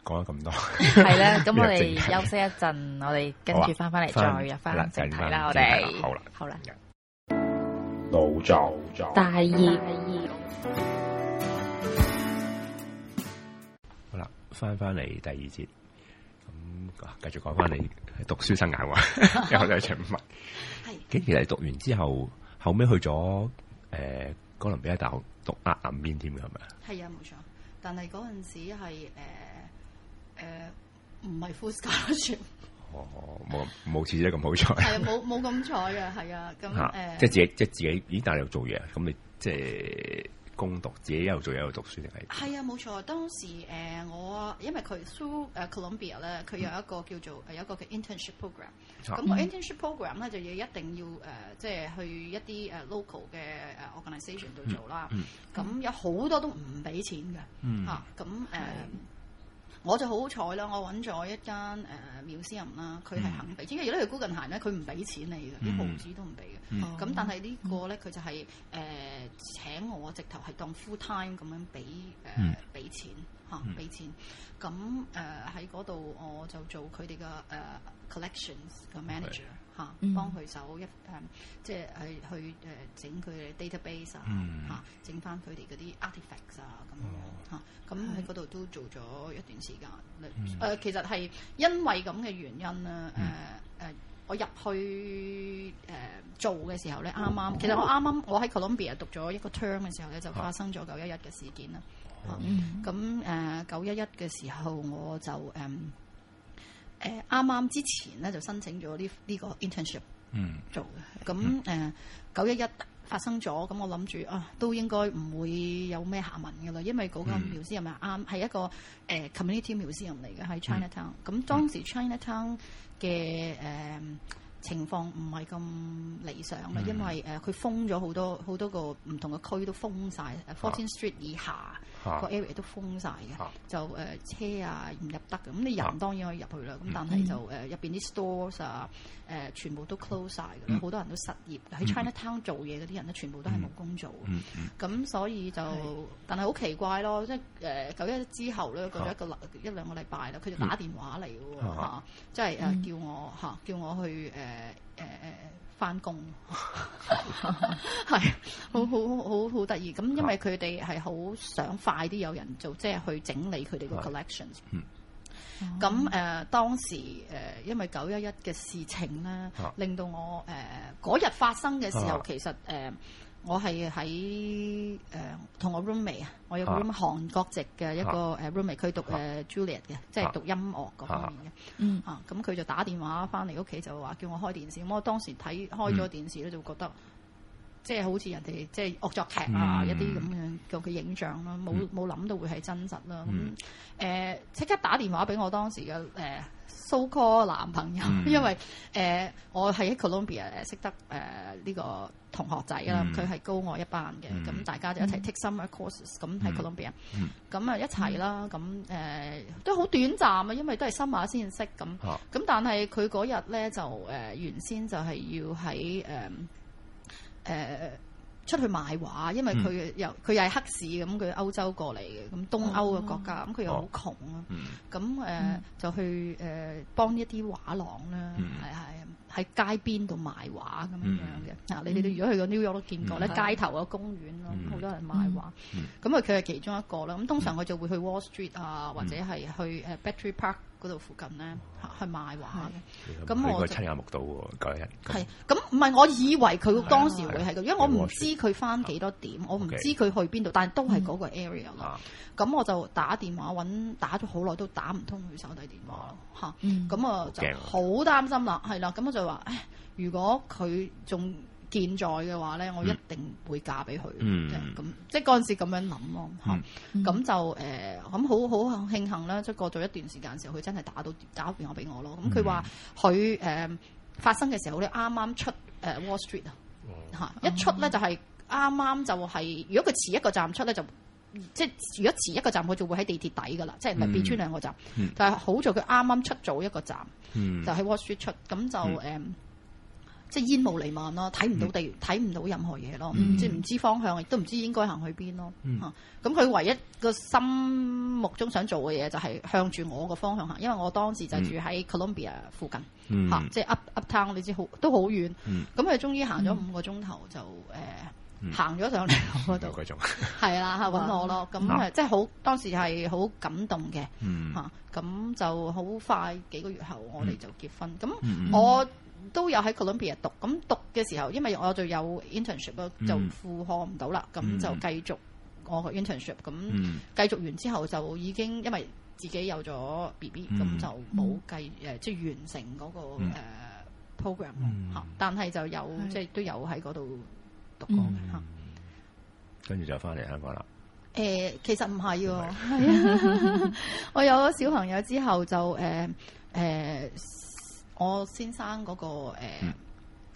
[SPEAKER 2] 講咗咁多， 係啦，咁我哋休息一陣， 我哋跟住翻翻嚟再入翻正題啦，我哋好啦，好啦，老就就大二，好啦，翻翻嚟第二節，咁繼續講翻你讀書生涯，又係一齊物。係， 咁其實讀完之後，後尾去咗誒、呃、哥倫比亞大學讀厄暗邊添嘅係咪啊？
[SPEAKER 1] 係啊，冇錯，但係嗰陣時係誒。呃誒唔係 full scholarship。
[SPEAKER 2] 哦，冇冇似得咁好彩。 係冇
[SPEAKER 1] 冇咁彩嘅，係啊。咁、呃、誒，即係自己
[SPEAKER 2] 即係自己。咦？但係又做嘢，咁你即係攻讀自己一又做嘢，又讀書定係？
[SPEAKER 1] 係啊，冇錯。當時誒、呃、我因為佢 through 誒 Columbia 咧，佢有一個叫做、嗯、有一個嘅 internship program，啊。咁個 internship program 咧就要一定要誒，即、呃、係去一啲誒 local 嘅誒 organization 度做啦。咁有好多都唔俾錢嘅。
[SPEAKER 4] 嗯。
[SPEAKER 1] 咁誒。嗯。我就好好彩啦，我揾咗一間誒 museum 啦，佢係肯俾錢，因為如果佢高跟鞋咧，佢唔俾錢你嘅，啲毫子都唔俾嘅。咁、mm. 嗯、但係呢個咧，佢就係、是、誒、呃、請我直頭係當 full time 咁樣俾誒俾錢嚇，俾、呃、錢。咁誒喺嗰度我就做佢哋嘅誒 collections 嘅 manager、right.。嚇， 幫佢手一誒，即係去去誒整佢嘅 database 啊，嚇、哦，整翻佢哋嗰啲 artifacts 啊咁樣嚇，咁喺嗰度都做咗一段時間。誒、嗯呃，其實係因為咁嘅原因啦。誒、呃、誒、嗯呃，我入去誒、呃、做嘅時候咧，啱啱、哦、其實我啱啱我喺 Columbia 讀咗一個 term 嘅時候咧，就發生咗九一一嘅事件啦。
[SPEAKER 4] 咁
[SPEAKER 1] 誒九一一嘅時候我就誒。呃誒啱啱之前咧就申請咗呢呢個 internship，的嗯，做嘅。咁誒九一一發生咗，咁我諗住啊，都應該唔會有咩下文嘅啦，因為嗰間 museum 又啱，係一個誒、呃、community museum 嚟嘅喺 China Town。咁、嗯、當時 China Town 嘅誒、呃、情況唔係咁理想啦、嗯，因為誒佢、呃、封咗好多好多個唔同嘅區都封曬，Fourteen Street 以下。啊個 area 都封曬嘅，啊，就誒、呃、車啊唔入得嘅，咁你人當然可以入去啦，咁但係就誒入邊啲 stores 啊。誒、呃、全部都 close 曬㗎喇，好、嗯、多人都失業喺、嗯、China Town 做嘢嗰啲人咧，全部都係冇工做。咁、嗯嗯嗯、所以就，是但係好奇怪咯，即係誒九一之後咧，過咗一個禮、啊、一兩個禮拜啦，佢就打電話嚟喎嚇，即係誒叫我嚇、嗯啊、叫我去誒誒返工，係、呃呃、 好好好好得意。咁因為佢哋係好想快啲有人做，即、就、係、是、去整理佢哋個 collections、嗯。嗯咁誒、嗯呃、當時誒、呃，因為九一一嘅事情咧，啊、令到我誒嗰日發生嘅時候，啊、其實誒、呃、我係喺誒同我 roommate room，啊，我有 room 韓國籍嘅一個誒 roommate，佢讀誒、啊呃、Juliet 嘅，啊、即係讀音樂嗰方面嘅。
[SPEAKER 4] 啊，咁
[SPEAKER 1] 佢、啊嗯啊、就打電話翻嚟屋企就話叫我開電視，咁我當時睇開咗電視咧，就會覺得。嗯即、就、係、是、好似人哋即係惡作劇啊，嗯、一啲咁樣個嘅影像囉，冇冇諗到會係真實啦。嗯呃、即刻打電話俾我當時嘅誒 so-called 男朋友，嗯、因為、呃、我係喺 Columbia 誒識得呢個同學仔啦，佢、嗯、係高我一班嘅，咁、嗯、大家就一齊 take summer courses 咁、嗯、喺 Columbia 咁、嗯、啊一齊啦，咁、嗯呃、都好短暫啊，因為都係夏天先識咁，咁、哦、但係佢嗰日咧就、呃、原先就係要喺誒出去賣畫，因為佢又佢又係黑市咁，佢歐洲過嚟嘅，咁東歐嘅國家，咁佢又好窮啊，咁、哦、誒、哦嗯、就去誒幫一啲畫廊啦，係係喺街邊度賣畫咁、嗯、樣嘅。嗱，你哋如果去 New 過紐約都見過咧、嗯，街頭啊公園咯，好、嗯、多人賣畫，咁啊佢係其中一個啦。咁通常我就會去 Wall Street 啊，或者係去誒 Battery Park。嗰度附近咧，去賣畫嘅。咁我親眼
[SPEAKER 2] 目睹喎，嗰日。
[SPEAKER 1] 係，咁唔係我以為佢當時會係咁，因為我唔知佢翻幾多點，啊、我唔知佢去邊度、啊，但係都係嗰個 area 咁、啊、我就打電話揾，打咗好耐都打唔通佢手提電話咯，咁啊，啊嗯、我就好擔心啦，係、嗯、啦。咁我就話、哎，如果佢仲……健在嘅話咧，我一定會嫁俾佢嘅。咁、嗯嗯、即係嗰陣時咁樣諗咯嚇。咁、嗯嗯、就誒咁好好慶幸啦。即係過咗一段時間的時候，佢真係打到打電話俾我咯。咁佢話佢誒發生嘅時候咧，啱啱出誒、呃、Wall Street 啊嚇，一出咧、嗯、就係啱啱就係、是，如果佢遲一個站出咧，就即係如果遲一個站，佢就會喺地鐵底噶啦、嗯，即係唔係變穿兩個站。嗯、但係好在佢啱啱出早一個站，嗯、就喺 Wall Street 出，咁就誒。嗯嗯即係煙霧瀰漫咯，睇唔到地，睇、嗯、唔到任何嘢咯，即係唔知方向，亦都唔知應該行去邊咯。咁佢唯一個心目中想做嘅嘢，就係向住我個方向行，因為我當時就住喺 Columbia 附近嚇，即係 up town，你知好都好遠。咁佢終於行咗五個鐘頭就誒行咗上嚟我嗰度，係啦，揾我咯。咁即係好當時係好感動嘅嚇，咁、嗯啊、就好快幾個月後我哋就結婚。咁、嗯、我。嗯都有喺 Columbia 讀，咁讀嘅時候，因為我就有 internship 咯，就復課唔到啦，咁就繼續我個 internship，咁繼續完之後就已經因為自己有咗 B B，咁、嗯、就冇繼誒、嗯呃、即係完成嗰個誒 program 吓、嗯，但係就有即係都有喺嗰度
[SPEAKER 4] 讀過
[SPEAKER 2] 吓、嗯啊，跟住就翻嚟香港啦。
[SPEAKER 1] 誒、呃，其實唔係，係啊， 我有咗小朋友之後就誒誒。呃呃我先生嗰、那個誒、呃嗯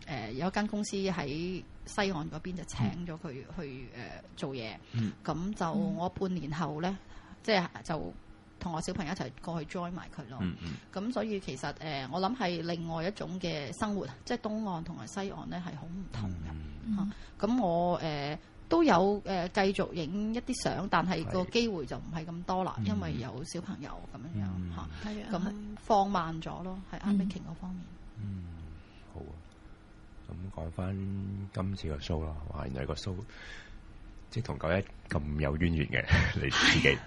[SPEAKER 1] 呃、有一間公司喺西岸嗰邊就請咗佢去誒、嗯、做嘢，咁、嗯、就我半年後呢，即係就同、是、我小朋友一齊過去 join 埋佢
[SPEAKER 4] 咯。
[SPEAKER 1] 咁、嗯嗯、所以其實誒、呃，我諗係另外一種嘅生活，即、就、係、是、東岸同埋西岸呢係好唔
[SPEAKER 4] 同嘅。
[SPEAKER 1] 咁、嗯嗯啊、我誒。呃都有誒、呃、繼續影一啲相，但係個機會就唔係咁多啦，因為有小朋友咁、嗯、樣、嗯、樣嚇，咁、嗯、放慢咗咯，係 making 嗰方面。嗯，
[SPEAKER 2] 好啊，咁講翻今次個 show 咯，哇！原來個 show 即係同九一咁有淵源嘅 你自己。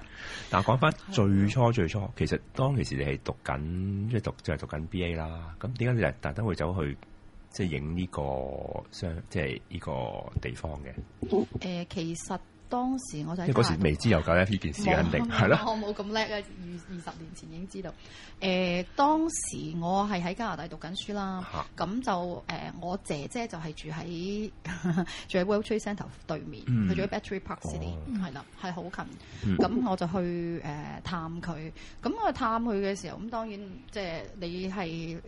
[SPEAKER 2] 但係講翻最初最初，其實當其時你係讀緊即係讀就係、是、讀緊 B A 啦。咁點解你係特登會走去？即係影呢個相，即係呢個地方嘅。
[SPEAKER 1] 誒，其實。當時我就，因為嗰時未
[SPEAKER 2] 知又有解呢件事肯定係咯，我
[SPEAKER 1] 冇咁叻啊！二二十年前已經知道。誒、呃，當時我係喺加拿大讀緊書啦，咁就誒、呃，我姐姐就係住喺 住喺 World Trade Center 對面，佢、嗯、住喺 Battery Park 嗰、哦、啲，係啦，係好近。咁、嗯、我就去誒、呃、探佢。咁我，我探佢嘅時候，咁當然即係、就是、你係誒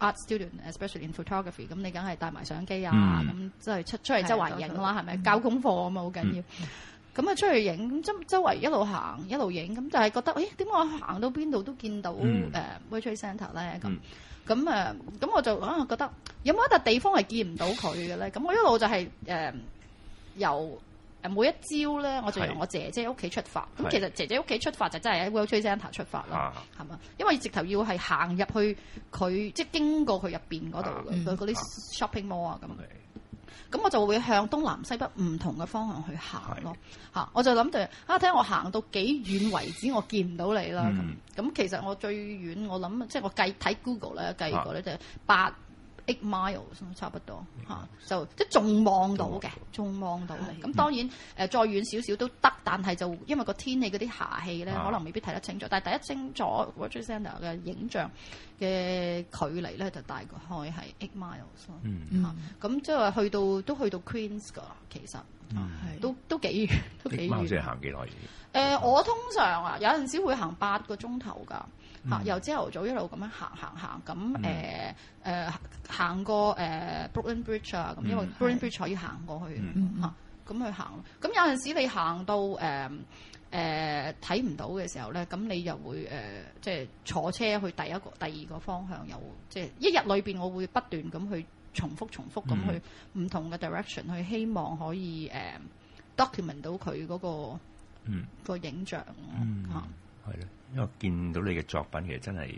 [SPEAKER 1] art student，especially in photography，咁你梗係帶埋相機啊，咁即係出出嚟周圍影啦，係咪交功課咁啊？好緊要。嗯嗯咁啊，出去影咁周周圍一路行，一路影咁，就係覺得，咦？點解我行到邊度都見到誒 World Trade Centre 咧咁。咁、嗯、誒，咁、呃嗯呃、我就啊覺得，有冇一笪地方係見唔到佢嘅咧？咁 我一路就係、是、誒、呃、由每一朝咧，我就由我姐姐屋企出發。咁其實姐姐屋企出發就真係喺 World Trade Centre 出發啦，係、啊、嘛？因為直頭要係行入去佢，即係經過佢入面嗰度，嗰嗰啲 shopping mall 啊咁。咁我就會向東南西北唔同嘅方向去行咯，吓、啊，我就諗住啊，睇下我行到幾遠為止，我見唔到你啦咁。咁、嗯、其實我最遠，我諗，即係我計睇 Google 咧，計過咧，就係八 eight miles 差唔多、啊、就即仲望到嘅，仲望到嘅。咁當然誒、嗯呃，再遠少少都得，但係就因為個天氣嗰啲霞氣咧，可能未必睇得清楚。但係第一清楚 World Center 嘅影像嘅距離咧，就大概係 eight miles 咁、嗯啊。咁即係話去到都去到 Queens 噶，其實嗯嗯都都幾， 都幾遠，都幾
[SPEAKER 2] 遠。咁即係行
[SPEAKER 1] 幾耐嘅？我通常啊，有陣時會行八個鐘頭㗎。嚇、嗯！由朝頭早一路咁樣行行行，咁誒誒行過誒 Brooklyn Bridge 啊，咁因為 Brooklyn Bridge 可以行過去嚇，咁去行。咁有陣時你行到誒誒睇唔到嘅時候咧，咁、呃呃、你又會誒即係坐車去第一個第二個方向，又即係一日裏邊，我會不斷咁去重複重複咁去唔同嘅 direction 去希望可以誒、呃、document 到佢嗰、嗰個嗯嗰個影像嚇。
[SPEAKER 2] 係咯，因為見到你嘅作品，其實真係。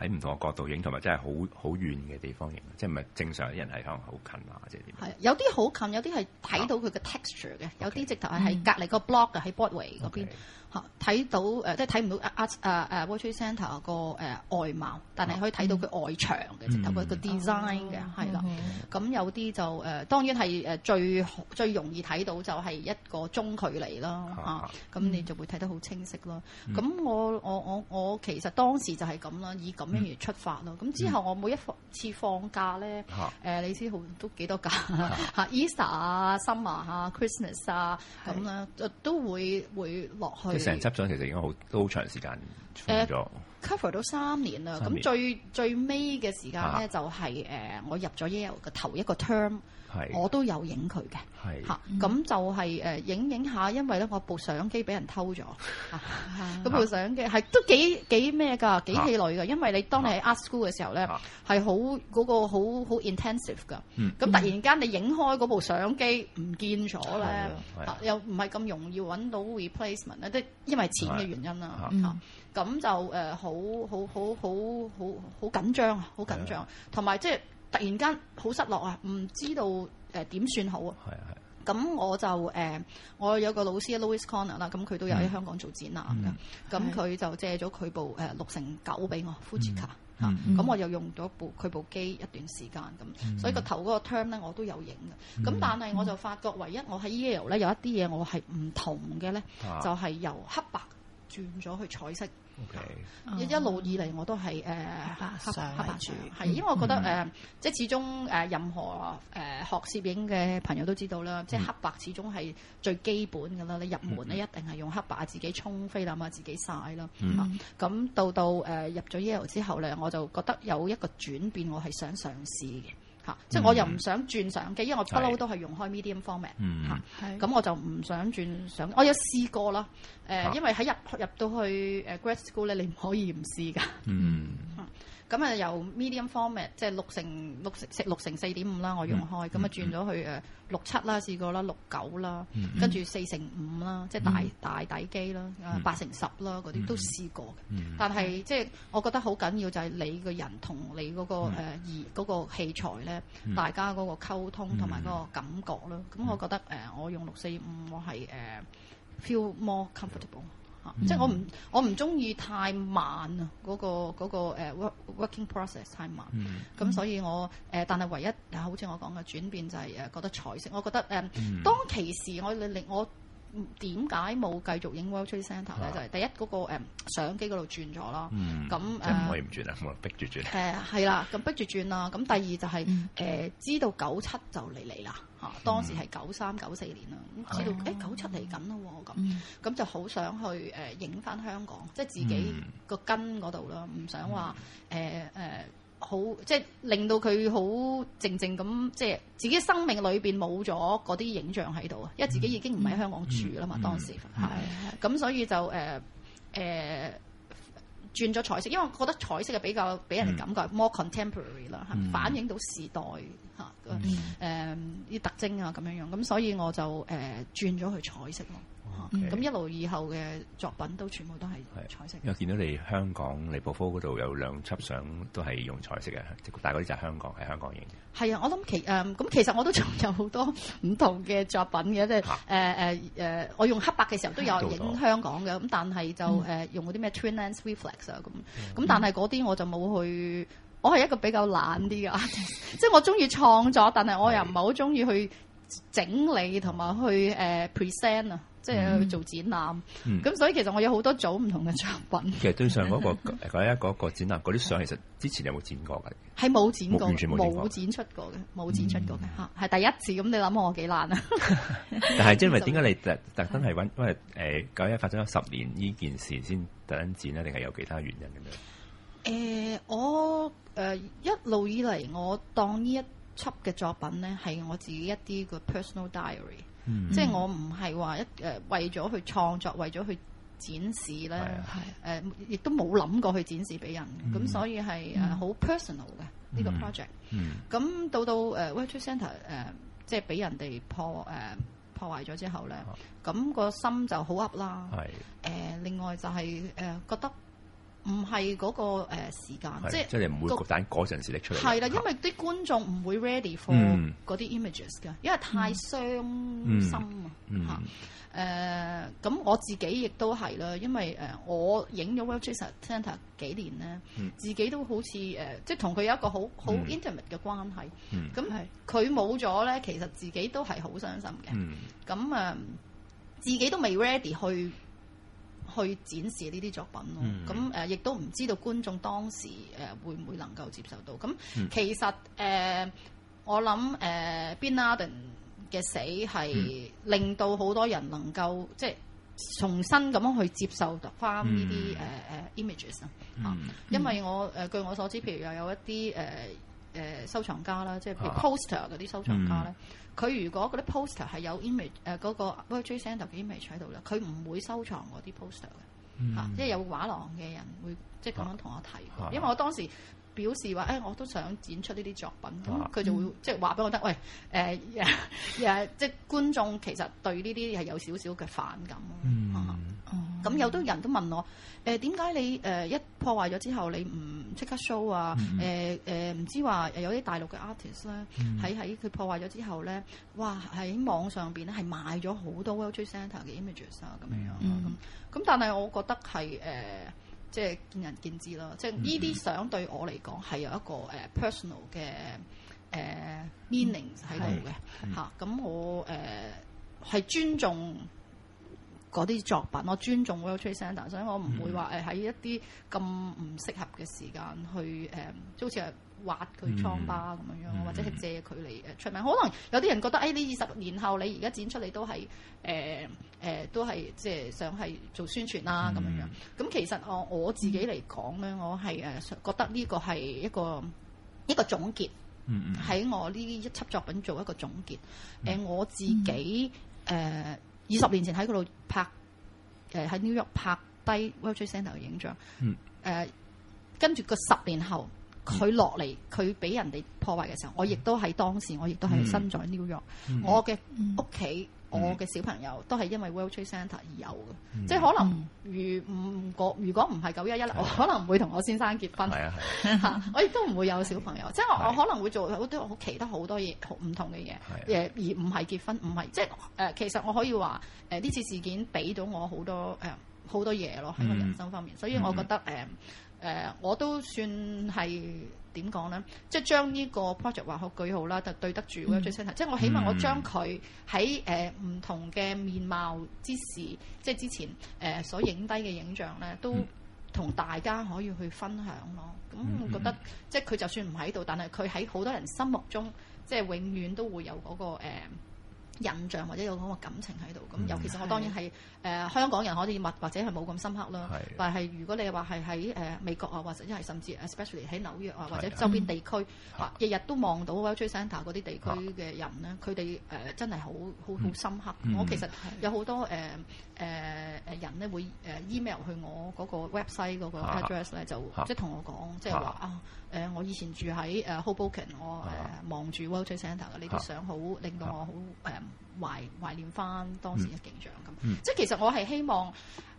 [SPEAKER 2] 喺唔同嘅角度影，同埋真係好好遠嘅地方影，即係唔係正常啲人係可能好近啊，即係點？係
[SPEAKER 1] 有啲好近，有啲係睇到佢嘅 texture 嘅、啊，有啲直頭係喺隔籬個 block 喺、啊、Broadway 邊邊睇、okay。啊、到誒、呃、即係睇唔到啊啊、uh，啊、uh，啊 Waterway Centre 個、呃、外貌，但係可以睇到佢外牆嘅，啊、直頭佢個 design 嘅係啦。咁、啊、有啲就誒、呃、當然係誒最最容易睇到就係一個中距離啦嚇，咁、啊啊、你就會睇得好清晰咯。咁、啊、我我我我其實當時就係咁啦，以 Many 出發咯，咁之後我每一次放假咧，誒、嗯、你知好都幾多假嚇，Easter 啊、Summer 啊、Easter, Summer, Christmas 啊咁啦，都會會落去。即係成輯
[SPEAKER 2] 咗，其實已經好都好長時間 cover
[SPEAKER 1] 咗、呃、cover 到三年啦。咁最最尾嘅時間咧、啊，就係、是、誒、呃、我入咗 Yale 嘅頭一個 term。我都有影佢嘅，
[SPEAKER 4] 咁、
[SPEAKER 1] 啊嗯、就係影影下，因為咧我部相機俾人偷咗，咁、啊、部相機係、啊、都幾幾咩㗎，幾氣餒㗎、啊。因為你當你喺 art school 嘅時候咧，係好嗰個好好 intensive 㗎。咁、嗯、突然間你影開嗰部相機唔見咗咧、嗯啊，又唔係咁容易揾到 replacement 咧，即係因為錢嘅原因啦
[SPEAKER 4] 咁、
[SPEAKER 1] 啊嗯啊、就、呃、好好好好好好緊張啊，好緊張，同埋即係。突然間好失落啊！唔知道誒點、呃、算好啊！係啊係。咁我就誒、呃，我有個老師 Lois Conner 啦，咁佢都有喺香港做展覽啊咁
[SPEAKER 4] 樣。咁佢
[SPEAKER 1] 就借咗佢部誒六乘九俾我，Fuji 卡嚇。咁、啊嗯、我又用咗部佢、嗯、部機一段時間咁、嗯，所以個頭嗰個 term 咧我都有影嘅。咁、嗯、但係我就發覺，唯一我喺 Yale 咧有一啲嘢我係唔同嘅咧，就係、是、由黑白轉咗去彩色。Okay, 一路以嚟我都係誒黑黑白住，係、嗯、因為我覺得誒、嗯、即係始終誒任何誒學攝影嘅朋友都知道啦、嗯，即係黑白始終係最基本㗎啦、嗯。你入門咧一定係用黑白自己沖菲林啊，自己晒啦
[SPEAKER 4] 嚇。
[SPEAKER 1] 咁、嗯嗯嗯、到到誒入咗 Yale 之後咧，我就覺得有一個轉變，我係想嘗試嘅。啊、即係我又唔想轉相機，因為我不嬲都係用開 medium format 嚇，咁、嗯啊、我就唔想轉相機。我有試過啦，誒、呃啊，因為喺入入到去誒 grad school 咧，你唔可以唔試噶。嗯。啊咁啊，由 medium format 即係六乘六乘六乘四點五啦，5, 我用開，咁啊、嗯、轉咗去誒六七啦，uh, 6, 7, 試過啦，六九啦，跟住四乘五啦，即係大大底機啦，誒八乘十啦，嗰啲都試過。嗯、但係即係我覺得好緊要就係你個人同你嗰、那個誒儀嗰個器材咧，嗯、大家嗰個溝通同埋嗰個感覺咯。咁、嗯嗯、我覺得誒，uh, 我用六四五，我係誒 feel more comfortable。嗯、即係我唔，我唔中意太慢啊，嗰、那個嗰、那個誒 working process 太慢。咁、嗯、所以我誒、呃，但係唯一好似我講嘅轉變就係誒，覺得彩色。我覺得誒、呃嗯，當其時我令我點解冇繼續影 World Trade Center 咧、啊？就係、是、第一嗰、那個誒、呃、相機嗰度轉咗啦。
[SPEAKER 2] 咁、嗯、誒，可以唔轉啊？我逼住轉。
[SPEAKER 1] 誒係啦，咁逼住轉啦。咁、呃、第二就係、是、誒、嗯呃，知道九七就嚟嚟啦。嚇、啊！當時係九三九四年啦，知道誒九七嚟緊咯喎，咁、哦、咁、欸嗯、就好想去誒影返香港，即係自己個根嗰度啦，唔、嗯、想話誒誒好，即係令到佢好靜靜咁，即係自己生命裏邊冇咗嗰啲影像喺度啊，因為自己已經唔喺香港住啦嘛、嗯，當時係
[SPEAKER 4] 咁，嗯
[SPEAKER 1] 嗯、所以就誒誒、呃呃、轉咗彩色，因為我覺得彩色嘅比較俾人嘅感覺、嗯、more contemporary 啦、嗯，係唔係反映到時代。嚇、嗯、啲、uh, 特徵啊，咁樣樣，咁所以我就誒、uh, 轉咗去彩色咯。咁、
[SPEAKER 2] okay.
[SPEAKER 1] uh, 一路以後嘅作品都全部都係彩色。又
[SPEAKER 2] 見到你香港尼部科嗰度有兩輯相都係用彩色嘅，但嗰啲就係香港，喺香港影。
[SPEAKER 1] 係啊，我諗其誒，咁、uh, 其實我都仲有好多唔同嘅作品嘅，即係誒誒誒，我用黑白嘅時候都有影香港嘅，咁但係就誒、uh, 嗯、用嗰啲咩 twin lens reflex 啊、嗯、咁，咁、uh, 但係嗰啲我就冇去。我係一個比較懶啲嘅，即係我中意創作，但係我又唔係好中意去整理同埋去誒 present 啊，即係去做展覽。咁、嗯、所以其實我有好多組唔同嘅作品。其實對上嗰、嗰個
[SPEAKER 2] 九一嗰、嗰個、展覽，嗰啲相其實之前有冇展過嘅？
[SPEAKER 1] 係冇展過，冇展，展，展出過嘅，冇展出過嘅嚇，係、嗯、第一次。咁你諗我幾懶啊？但係即係因為點解
[SPEAKER 2] 你特特登係揾？因為誒九一發生咗十年呢件事先特登展咧，定係有其他原因咁樣？
[SPEAKER 1] 誒、呃、我誒、呃、一路以嚟，我當呢一輯嘅作品咧係我自己一啲個 personal diary、嗯、即係我唔係話一誒、呃、為咗去創作，為咗去展示咧，係誒亦都冇諗過去展示俾人，咁、嗯、所以係好 personal 嘅呢個 project 嗯嗯。咁到到 virtual centre 誒，即係俾人哋破誒、呃、破壞咗之後咧，咁、啊啊、個心就好噏啦。誒、呃、另外就係、是、誒、呃、覺得。唔係嗰個誒時間，是即係即係唔會、嗰個，個
[SPEAKER 2] 但嗰陣時搦出嚟。係啦，
[SPEAKER 1] 因為啲觀眾唔會 ready for 嗰、嗯、啲 images 嘅，因為太傷心
[SPEAKER 4] 啊
[SPEAKER 2] 吓
[SPEAKER 1] 誒，咁、嗯嗯呃、我自己亦都係啦，因為誒、呃、我影咗 Will Grace Center 幾年咧、嗯，自己都好似誒、呃、即係同佢有一個好好、嗯、intimate 嘅關係，咁係佢冇咗咧，其實自己都係好傷心嘅。咁、嗯、誒、呃、自己都未 ready 去。去展示呢啲作品咯，咁誒亦都唔知道觀眾當時誒、呃、會唔會能夠接受到。咁、嗯嗯、其實誒、呃，我諗誒 Bin Laden 嘅死係、嗯、令到好多人能夠即係重新咁樣去接受翻呢啲誒誒 images 啊、嗯嗯，因為我誒據我所知，譬如又有一啲誒誒收藏家啦，即係譬如 poster 嗰啲收藏家咧。啊嗯佢如果嗰啲 poster 係有 image 誒、呃那個個 Center 嘅 image 喺度咧，佢唔會收藏我啲 poster 嘅吓，即係有畫廊嘅人會即係咁樣同我提，因為我當時表示話誒我都想展出呢啲作品，咁、嗯、佢就會即係話俾我聽，喂誒誒即係觀眾其實對呢啲係有少少嘅反感。咯、嗯。咁有啲人都問我，誒點解你誒、呃、一破壞咗之後，你唔即刻 show 啊？誒、mm、誒 -hmm. 呃，唔、呃、知話誒有啲大陸嘅 artist 咧，喺喺佢破壞咗之後咧，哇！喺網上邊咧係賣咗好多 World Trade Center 嘅 images 啊，咁樣啊，咁、mm、咁 -hmm.，但係我覺得係誒，即、呃、係、就是、見仁見智啦。即係呢啲相對我嚟講係有一個誒、呃、personal 嘅誒、呃、meaning 喺度嘅嚇。咁、mm -hmm. 嗯啊、我誒係、呃、尊重。嗰啲作品，我尊重 World Presenter 所以我唔會話誒喺一啲咁唔適合嘅時間、嗯、去誒即、呃、好似係挖佢瘡疤咁樣樣，或者係借佢嚟誒出名。可能有啲人覺得誒呢二十年後你而家展出嚟都係誒誒都係即係想係做宣傳啦咁樣樣，咁其實我我自己嚟講咧，我係誒覺得呢個係一個一個總結，喺、嗯嗯、我呢一輯作品做一個總結誒、呃、我自己誒。嗯呃二十年前喺度拍，誒喺 New York 拍低 World Trade Centre 嘅影像，誒、嗯呃、跟住個十年後，佢落嚟，佢俾人哋破壞嘅時候，嗯、我亦都喺當時，我亦都係身在 New York、嗯、我嘅屋企。嗯我嘅小朋友都係因為 World Trade Center 而有嘅、嗯，即係可能如唔如果唔係九一一，我可能會同我先生結婚，啊 是啊、 我亦都唔會有小朋友，是即係我，我可能會做好多好其他好多嘢，唔同嘅嘢，誒而唔係結婚，唔係即係、呃、其實我可以話誒呢次事件俾到我好多誒好、呃、多嘢咯喺我人生方面、嗯，所以我覺得、嗯呃、我都算係。點講咧？即係將呢個 project 劃開句號啦，就對得住嗰張新題。即係我起碼我將佢喺誒唔同嘅面貌之時，嗯、即係之前誒、呃、所影低嘅影像咧，都、嗯、同大家可以去分享咯。咁、嗯、我覺得，即係佢就算唔喺度，但係佢喺好多人心目中，即係永遠都會有嗰、嗰個、呃印象或者有嗰個感情喺度，咁尤其是我當然係誒、嗯呃、香港人，可以或或者係冇咁深刻啦。但係如果你話係喺誒美國啊，或者即係甚至 especially 喺紐約啊，或者周邊地區，日日、嗯、都望到 World Trade Center 嗰啲地區嘅人咧，佢哋誒真係好好好深刻、嗯。我其實有好多誒。誒、呃、人咧會誒、呃、email 去我嗰個 website 嗰個 address 咧、啊，就即係同、啊、我講，即係話啊、就是啊呃、我以前住喺誒、uh, Hoboken，我誒望住 World Trade Center 嘅、啊，你啲相好令到我好誒、啊嗯、懷懷念翻當時嘅景象咁。即、嗯嗯、其實我係希望誒、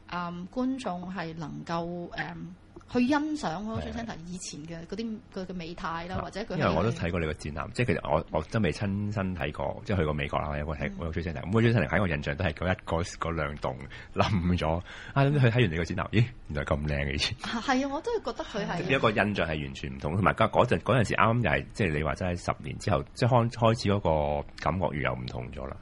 [SPEAKER 1] 嗯、觀眾係能夠誒。嗯去欣賞咯，張生頭以前嘅嗰啲佢嘅美態啦，或者佢因為我都睇
[SPEAKER 2] 過你個展覽，即其實我我真未親身睇過，即、就、係、是、去過美國啦。有個睇，我張生頭咁，張生頭喺我印象都係一個兩棟冧咗啊！咁佢睇完你個展覽，咦，原來咁靚嘅，以前
[SPEAKER 1] 係啊，我都係覺得佢係、就是、一
[SPEAKER 2] 個印象係完全唔同，同埋嗰陣時啱啱就係、是，即、就、係、是、你話齋十年之後，即、就是、開始嗰個感覺又又唔同咗啦。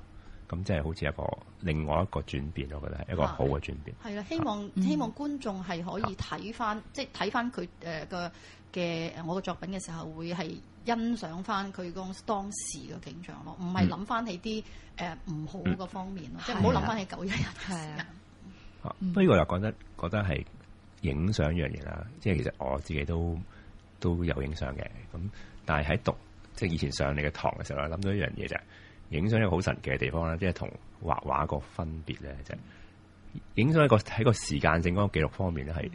[SPEAKER 2] 咁即係好似一個另外一個轉變，我覺得係一個好嘅轉變。係、
[SPEAKER 1] 啊、啦，希望、啊、希望觀眾係可以睇翻、嗯，即係睇翻佢誒個嘅我嘅作品嘅時候，會係欣賞翻佢嗰當時嘅景象咯，唔係諗翻起啲誒唔好嘅方面咯、嗯，即係唔好諗翻起九一一嘅時間。
[SPEAKER 4] 嗯、
[SPEAKER 2] 啊、嗯，不如我又覺得覺得係影相一樣嘢啦，即係其實我自己都都有影相嘅，咁但係喺讀即係以前上你嘅堂嘅時候，我諗到一樣嘢就係。影相一個好神奇嘅地方咧，即係同畫畫個分別咧，就係影相一個喺個時間性嗰個記錄方面咧，係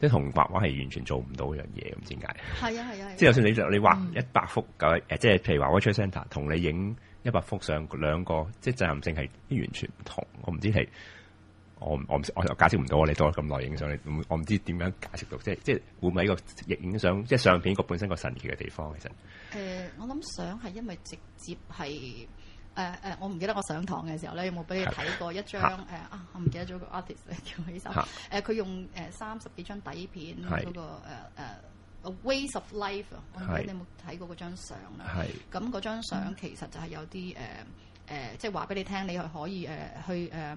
[SPEAKER 2] 即係同畫畫係完全做唔到一樣嘢，咁點解？係啊
[SPEAKER 4] 係啊,啊,啊即係就算
[SPEAKER 2] 你畫你畫一百幅誒、嗯，即係譬如話我出 Centre 同你影一百幅相兩個，即係震撼性係完全唔同，我唔知係。我我唔我解釋唔到，你多我哋做咗咁耐影相，你我唔知點樣解釋到，即即會唔會係一個影相即相片個本身個神奇嘅地方？其實、呃，
[SPEAKER 1] 誒，我諗相係因為直接係誒誒，我唔記得我上堂嘅時候咧有冇俾你睇過一張誒啊，我唔記得咗個 artist 叫咩名？誒，佢用誒三十幾張底片嗰個誒誒《A Ways of Life》啊，我唔知、啊那個 uh, 你有冇睇過嗰張相啦、啊。係咁嗰張相其實就係有啲誒誒，即係話俾你聽，你係可以誒去誒。Uh,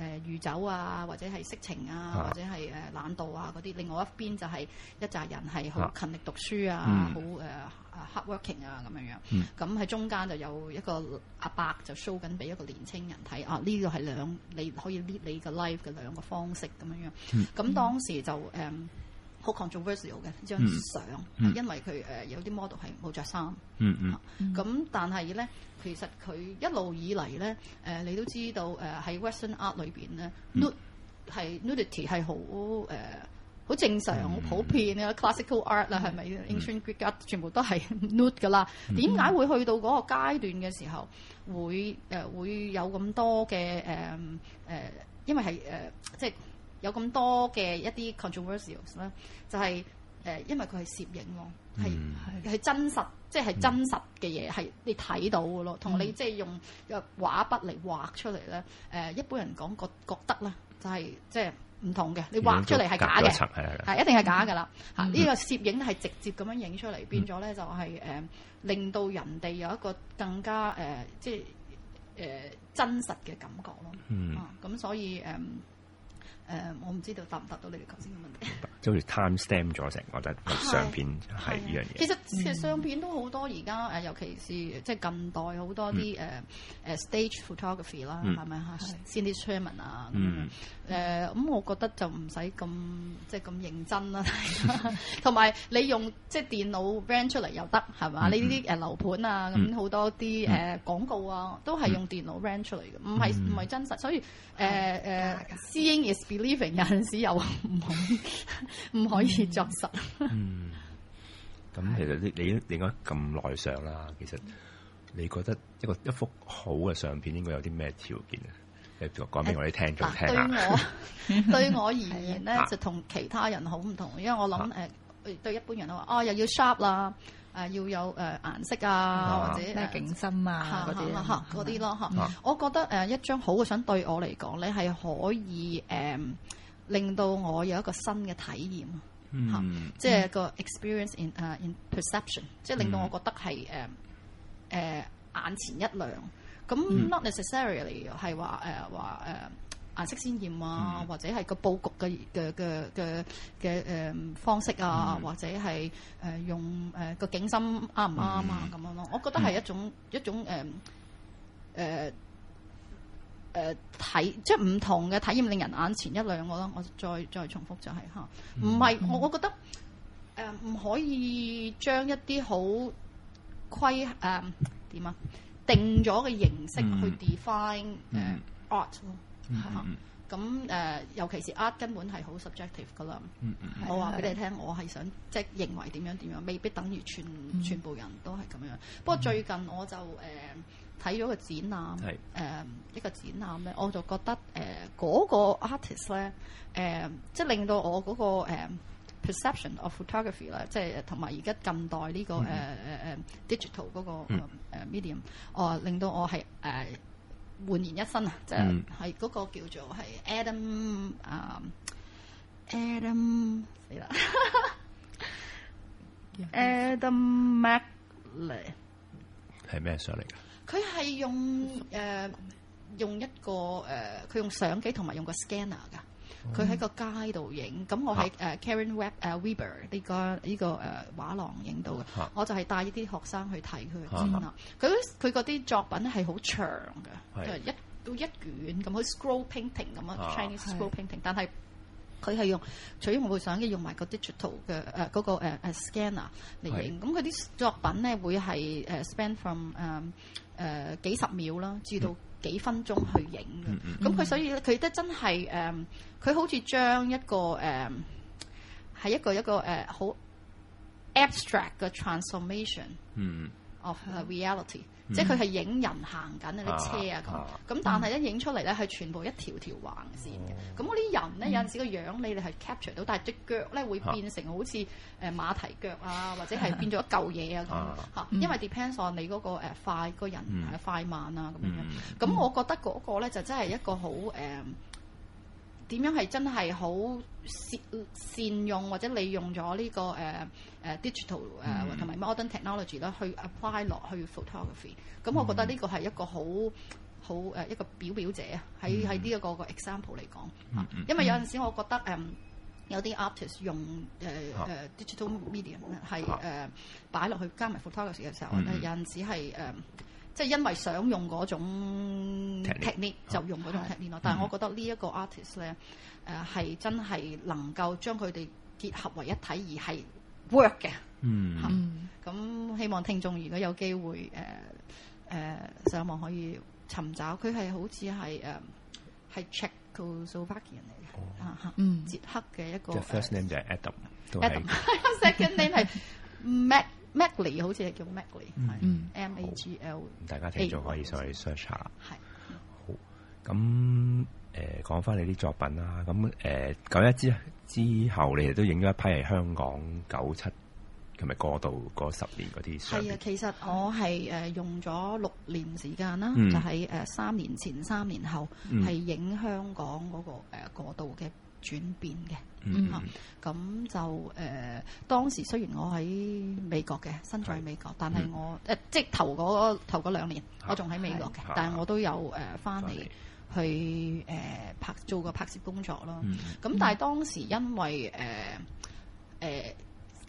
[SPEAKER 1] 誒酗酒啊，或者係色情啊，或者係誒懶惰啊嗰啲、啊，另外一邊就係一扎人係好勤力讀書啊，好、啊、誒、嗯 uh, hardworking 啊咁樣樣。咁、嗯、喺中間就有一個阿伯就 show 緊俾一個年青人睇，啊呢、呢個係兩你可以 lead 你嘅 life 嘅兩個方式咁樣樣。
[SPEAKER 4] 咁當
[SPEAKER 1] 時就誒。Um, 好 controversial 嘅張相、嗯嗯，因為佢有啲 model 係冇着衫。嗯嗯。咁、啊嗯、但係咧，其實佢一路以嚟咧、呃，你都知道誒喺、呃、Western art 裏邊咧，nude nudity 係好好正常、好、嗯、普遍 classical art 啦，係咪、嗯、？Ancient Greek art 全部都係 nude 㗎啦。點、嗯、解會去到嗰個階段嘅時候會誒、呃、會有咁多嘅、呃呃、因為係、呃、即係。有咁多嘅一啲 controversials 咧，就係、是、誒、呃，因為佢係攝影咯，係、嗯、係真實，即、就、係、是、真實嘅嘢，係你睇到嘅咯，同、嗯、你即係用個畫筆嚟畫出嚟咧，誒、呃，一般人講覺覺得咧，就係、是、即係唔同嘅，你畫出嚟係假嘅，係、嗯、一定係假嘅啦。吓、嗯，呢、這個攝影係直接咁樣影出嚟、嗯，變咗咧就係、是、誒、呃、令到人哋有一個更加誒、呃、即係誒、呃、真實嘅感覺咯。嗯，咁、啊、所以誒。呃誒、呃，我唔知道答唔答到你哋頭先嘅問題。即係
[SPEAKER 2] 好似 time stamp 咗成，我覺得相片係呢樣嘢。其實
[SPEAKER 1] 其實相片都好多現在，而家誒，尤其是即係近代好多啲誒誒 stage photography 啦、嗯，係咪嚇？Cindy Sherman 啊，誒咁、嗯嗯呃，我覺得就唔使咁即係咁認真啦。同 埋你用即係、就是、電腦 render 出嚟又得，係嘛？你呢啲誒樓盤啊，咁、嗯、好多啲誒、嗯呃、廣告啊，都係用電腦 render 出嚟嘅，唔係唔係真實。所以誒誒、嗯呃 seeing is living 有陣時候又唔唔可、嗯、 可以作實。
[SPEAKER 2] 嗯，咁其實你你你講咁內向啦，其實你覺得一個一幅好嘅相片應該有啲咩條件？你說、哎、你啊？誒，講、啊、俾我啲聽眾聽，對我
[SPEAKER 1] 對我而言咧， 就同其他人好唔同，因為我諗誒、啊啊、對一般人都話啊，又要 sharp 啦。啊，要有誒、呃、顏色啊，或者咩景深啊，嗰啲咯。我覺得、呃、一張好嘅相對我嚟講，你係可以、呃、令到我有一個新嘅體驗
[SPEAKER 4] 吓、嗯啊，即係
[SPEAKER 1] 個 experience in、uh, in perception，即係令到我覺得係、嗯呃、眼前一亮。咁 not necessarily 係話顏色鮮艷啊，或者係個布局嘅嘅嘅嘅嘅誒方式啊，嗯、或者係誒、呃、用誒個、呃、景深啱唔啱啊咁、嗯、樣咯，我覺得係一種、嗯、一種誒誒誒體，即係唔同嘅體驗令人眼前一亮。我啦，我再再重複就係、是、吓，唔係我我覺得誒唔、呃、可以將一啲好規誒點、呃、啊定咗嘅形式去 define 誒、嗯、art。呃嗯嗯嚇！咁誒，尤其是 art 根本係好 subjective 噶啦、mm
[SPEAKER 4] -hmm.。我話俾你
[SPEAKER 1] 聽，我係想即係認為點樣點樣未必等於全、mm -hmm. 全部人都係咁樣。不過最近我就誒睇咗個展覽，誒、mm -hmm. 呃、一個展覽咧，我就覺得誒嗰、呃那個 artist 咧，誒即係令到我嗰、那個誒、呃、perception of photography 啦，即係同埋而家近代呢、這個誒誒誒 digital 嗰、那個誒、uh, medium，哦、mm -hmm. uh, 令到我係誒。Uh, 煥然一新啊！即係係嗰個叫做係 Adam 啊、uh,，Adam 啦 ，Adam Mac 咧
[SPEAKER 2] 係咩相嚟噶？
[SPEAKER 1] 佢係用誒、uh, 用一個誒，佢、uh, 用相機同埋用個 scanner 噶。佢喺個街度影，咁我喺誒 Karen Web 誒、啊 uh, Weber 呢、呢個呢、呢個誒、呃、畫廊影到嘅、啊，我就係帶呢啲學生去睇佢嘅展覽。啊，佢佢嗰啲作品係好長嘅、啊，就係、一到一,一卷咁，似 scroll painting 咁啊，Chinese scroll painting、啊。但係佢係用，除咗我會想嘅用埋個 digital 嘅誒嗰個誒、uh, scanner 嚟影。咁佢啲作品咧會係誒 span from 誒、uh, 誒、uh, 幾十秒啦至到。幾分鐘去影嘅，咁、嗯、佢、嗯、所以佢都真係誒，佢好似將一個誒，係一個一個誒，好 abstract 嘅 transformation。嗯。Oh, reality、嗯、即係佢係影人行緊啊啲車啊咁，咁、啊啊、但係一影出嚟咧係全部一條條橫線嘅，咁嗰啲人咧、嗯、有陣時個樣你哋係 capture 到，但係隻腳咧會變成好似誒馬蹄腳啊，啊或者係變咗一嚿嘢啊咁嚇、啊啊，因為 depends on 你嗰個快、嗰個人快慢啊咁、
[SPEAKER 4] 嗯、樣，咁、
[SPEAKER 1] 嗯、我覺得嗰個咧就真係一個好誒。Uh, 點樣係真係好善善用或者利用咗呢個誒誒 digital 誒同埋 modern technology 咧去 apply 落去 photography？咁我覺得呢個係一個好好誒一個表表者啊！喺喺呢一個個 example 嚟講，因為有陣時我覺得誒有啲 artist 用誒誒 digital medium 係誒擺落去加埋 photography 嘅時候咧，有陣時係誒。即係因為想用嗰種 technique 就用嗰種 technique 咯、嗯，但係我覺得呢一個 artist 咧係真係能夠將佢哋結合為一體，而係 work 嘅。嗯，咁希望聽眾如果有機會、呃呃、上網可以尋找佢係好似係誒係 Czechoslovakian 嚟嘅，捷克嘅一個。First name
[SPEAKER 2] 就係 Adam，Adam、呃。
[SPEAKER 1] Second name 係 Mac。Adam, 二名 Magli 好似係叫 Magli，係 M A G
[SPEAKER 2] L -A、嗯。大家聽咗可以上去 search 下。係好。咁講翻你啲作品啦。咁誒、呃、九一之之後，你哋都影咗一批係香港九七同埋過渡嗰十年嗰啲。係啊，
[SPEAKER 1] 其實我係用咗六年時間啦，就喺、是、三年前三年後係影、嗯、香港嗰、嗰個過、呃、過渡嘅。轉變嘅，咁、mm hmm. 啊、就誒、呃、當時雖然我喺美國嘅，身在美國，mm hmm. 但係我誒、呃、即係頭嗰個兩年，我仲喺美國嘅，mm hmm. 但係我都有誒翻嚟去誒、呃、拍做個拍攝工作咯。咁、mm hmm. 啊、但係當時因為誒誒、呃呃、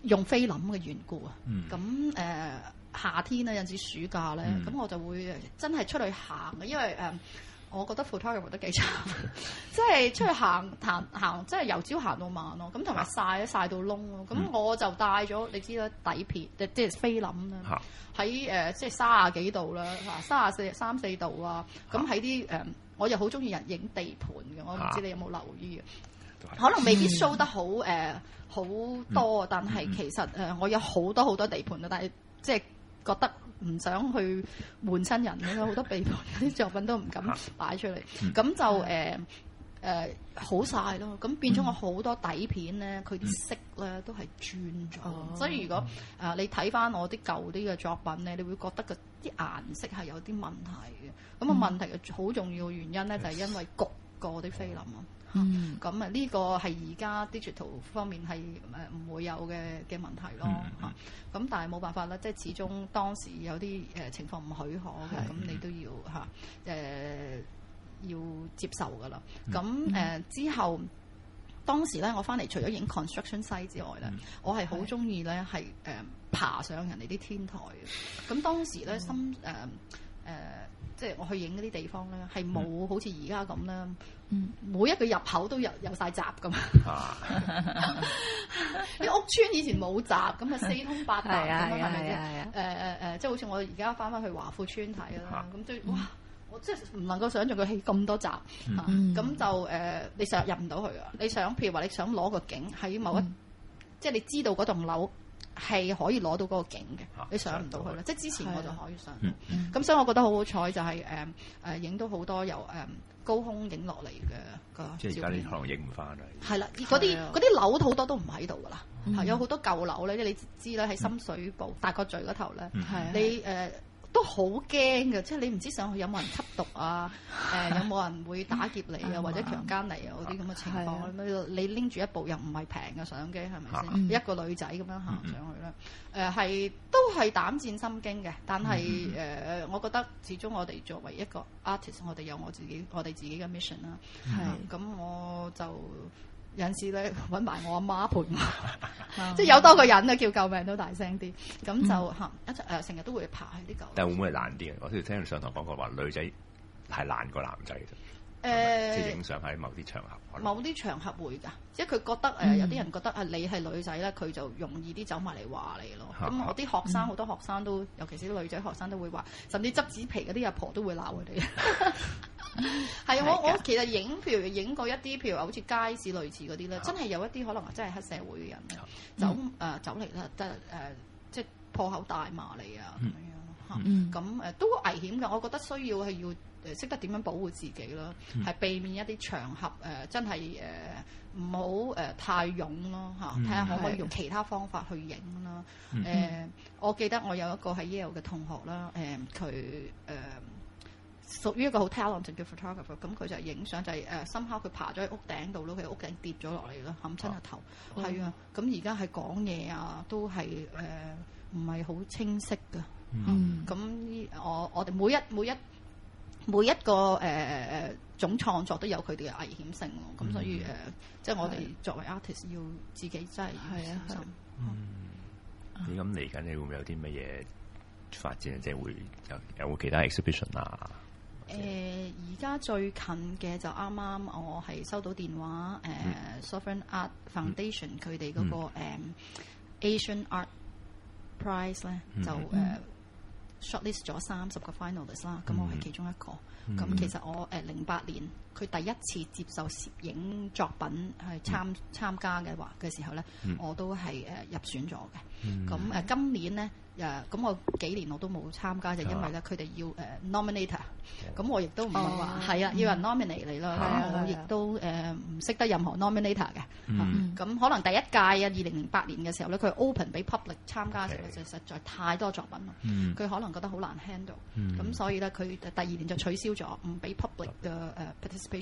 [SPEAKER 1] 用菲林嘅緣故，mm hmm. 啊，咁、呃、誒夏天啊，有陣時暑假咧，咁、mm hmm. 我就會真係出去行嘅，因為誒。呃我覺得葡萄 l l 覺得幾慘，即 係出去行、行行，即、就、係、是、由朝行到晚咯。咁同埋曬一曬到窿咯。咁、嗯、我就帶咗你知啦底片，即係菲林啦。喺即係卅幾度啦，嗱卅四三四度啊。咁喺啲我又好中意人影地盤嘅，我唔知你有冇留意啊？可能未必 show 得好好、嗯呃、多，但係其實、呃、我有好多好多地盤啊，但係即係覺得。唔想去換新人咁啦，好多秘方有啲作品都唔敢擺出嚟，咁 就誒誒、呃呃、好晒咯。咁變咗我好多底片咧，佢 啲色咧都係轉咗。 所以如果誒、呃、你睇翻我啲舊啲嘅作品咧，你會覺得個啲顏色係有啲問題嘅。咁啊問題嘅好重要嘅原因咧，就係因為焗過啲菲林啊。 嗯，咁啊呢個係而家 digital 方面係誒唔會有嘅嘅問題咯嚇，咁、嗯嗯、但係冇辦法啦，即係始終當時有啲誒情況唔許可嘅，咁你都要吓，誒、嗯啊、要接受噶啦。咁、嗯、誒、呃、之後當時咧、嗯，我翻嚟除咗影 construction 西之外咧，我係好中意咧係誒爬上人哋啲天台嘅。咁當時咧、嗯、心。誒、呃。即係我去影嗰啲地方咧，係冇好似而家咁啦，每一個入口都有有曬閘咁。啲 屋村以前冇閘，咁啊四通八達咁 啊，係咪先？誒誒誒，即係好似我而家翻翻去華富村睇啦，咁最哇，我真係唔能夠想像佢起咁多閘，咁、 嗯啊、就誒、呃、你想入唔到去啊？你想譬如話你想攞個景喺某一，嗯、即係你知道嗰棟樓。係可以攞到嗰個景嘅、啊，你上唔到去啦。即係之前我就可
[SPEAKER 4] 以上。咁、
[SPEAKER 1] 啊嗯嗯、所以我覺得好好彩就係誒誒影到好多由誒、嗯、高空影落嚟嘅個。
[SPEAKER 2] 即係而家呢行影唔翻嚟。
[SPEAKER 1] 係啦、啊，嗰啲啲樓好多都唔喺度噶啦，有好多舊樓咧。即係你知咧喺深水埗、嗯、大角咀嗰頭咧，你誒。呃都好驚嘅，即係你唔知上去有冇人吸毒啊？誒、 呃，有冇人會打劫你啊？ 嗯、或者強姦你啊？嗰啲咁嘅情況，嗯、你拎住一部又唔係平嘅相機，係咪先？一個女仔咁樣行上去啦，係、嗯呃、都係膽戰心驚嘅。但係、嗯呃、我覺得始終我哋作為一個 artist，我哋有我自己我哋自己嘅 mission 啦、嗯。咁我就。有時咧揾，埋我阿媽陪我， 即係有多個人咧，叫救命都大聲啲，咁就嚇一，誒成日都會爬喺啲狗。
[SPEAKER 2] 但係會唔會難啲啊？我先聽上堂講過話，女仔係難過男仔
[SPEAKER 1] 誒，即影
[SPEAKER 2] 相喺某啲場合、呃，某
[SPEAKER 1] 啲場合會㗎，即係佢覺得誒，嗯、有啲人覺得啊，你係女仔咧，佢就容易啲走埋嚟話你咯。咁、嗯、我啲學生，好、嗯、多學生都，尤其是啲女仔學生都會話，甚至執紙皮嗰啲阿婆都會鬧佢哋。係、嗯、啊， 我我其實影譬如影過一啲譬如好似街市類似嗰啲咧，嗯、真係有一啲可能啊，真係黑社會嘅人走誒、嗯呃、走嚟啦，得誒即係、呃、破口大罵你啊咁、嗯、
[SPEAKER 4] 樣
[SPEAKER 1] 嚇。咁、嗯、誒、嗯嗯、都好危險嘅，我覺得需要係要。誒識得點樣保護自己咯，係、嗯、避免一啲場合誒、呃，真係誒唔好誒太勇咯嚇。睇、啊、下、嗯、可唔可以用其他方法去影啦。誒、嗯呃嗯，我記得我有一個喺 Yale 嘅同學啦，誒佢誒屬於一個好 talent 嘅 photographer。咁佢就係影相就係誒，somehow 佢爬咗喺屋頂度咯，佢屋頂跌咗落嚟啦，冚親個頭係啊。咁而家係講嘢啊，嗯嗯嗯嗯、都係誒唔係好清晰噶。咁、
[SPEAKER 4] 嗯
[SPEAKER 1] 嗯、我我哋每一每一。每一每一個誒總、呃、創作都有佢哋嘅危險性咯，咁所以誒、呃，即係我哋作為 artist 要自己真係要小
[SPEAKER 2] 心。嗯，你咁嚟緊，你、嗯、會唔會有啲乜嘢發展、啊、即係會有有冇其他 exhibition 啊？
[SPEAKER 1] 誒、呃，而家最近嘅就啱啱我係收到電話，誒、呃嗯、Sovereign Art Foundation 佢哋嗰個、嗯 um, Asian Art Prize 咧、嗯，就誒。嗯 uh, shortlist 咗三十個 finalist 啦，咁我係其中一個，咁、嗯、其實我誒零八年。佢第一次接受攝影作品去參參、嗯、加嘅話嘅時候咧、嗯，我都係誒入選咗嘅。
[SPEAKER 4] 咁、嗯、誒、啊嗯、
[SPEAKER 1] 今年咧誒咁我幾年我都冇參加，就因為咧佢哋要誒、uh, nominator，咁、啊、我亦都唔係話係啊，要人 nominator 嚟咯、啊嗯啊啊啊。我亦都誒唔識得任何 nominator 嘅。
[SPEAKER 4] 咁、嗯啊
[SPEAKER 1] 嗯嗯嗯嗯、可能第一屆啊，二零零八年嘅時候咧，佢 open 俾 public 參加嘅時候就實在太多作品啦，佢、嗯、可能覺得好難 handle，咁、嗯嗯、所以咧佢第二年就取消咗，唔俾 public 嘅誒。p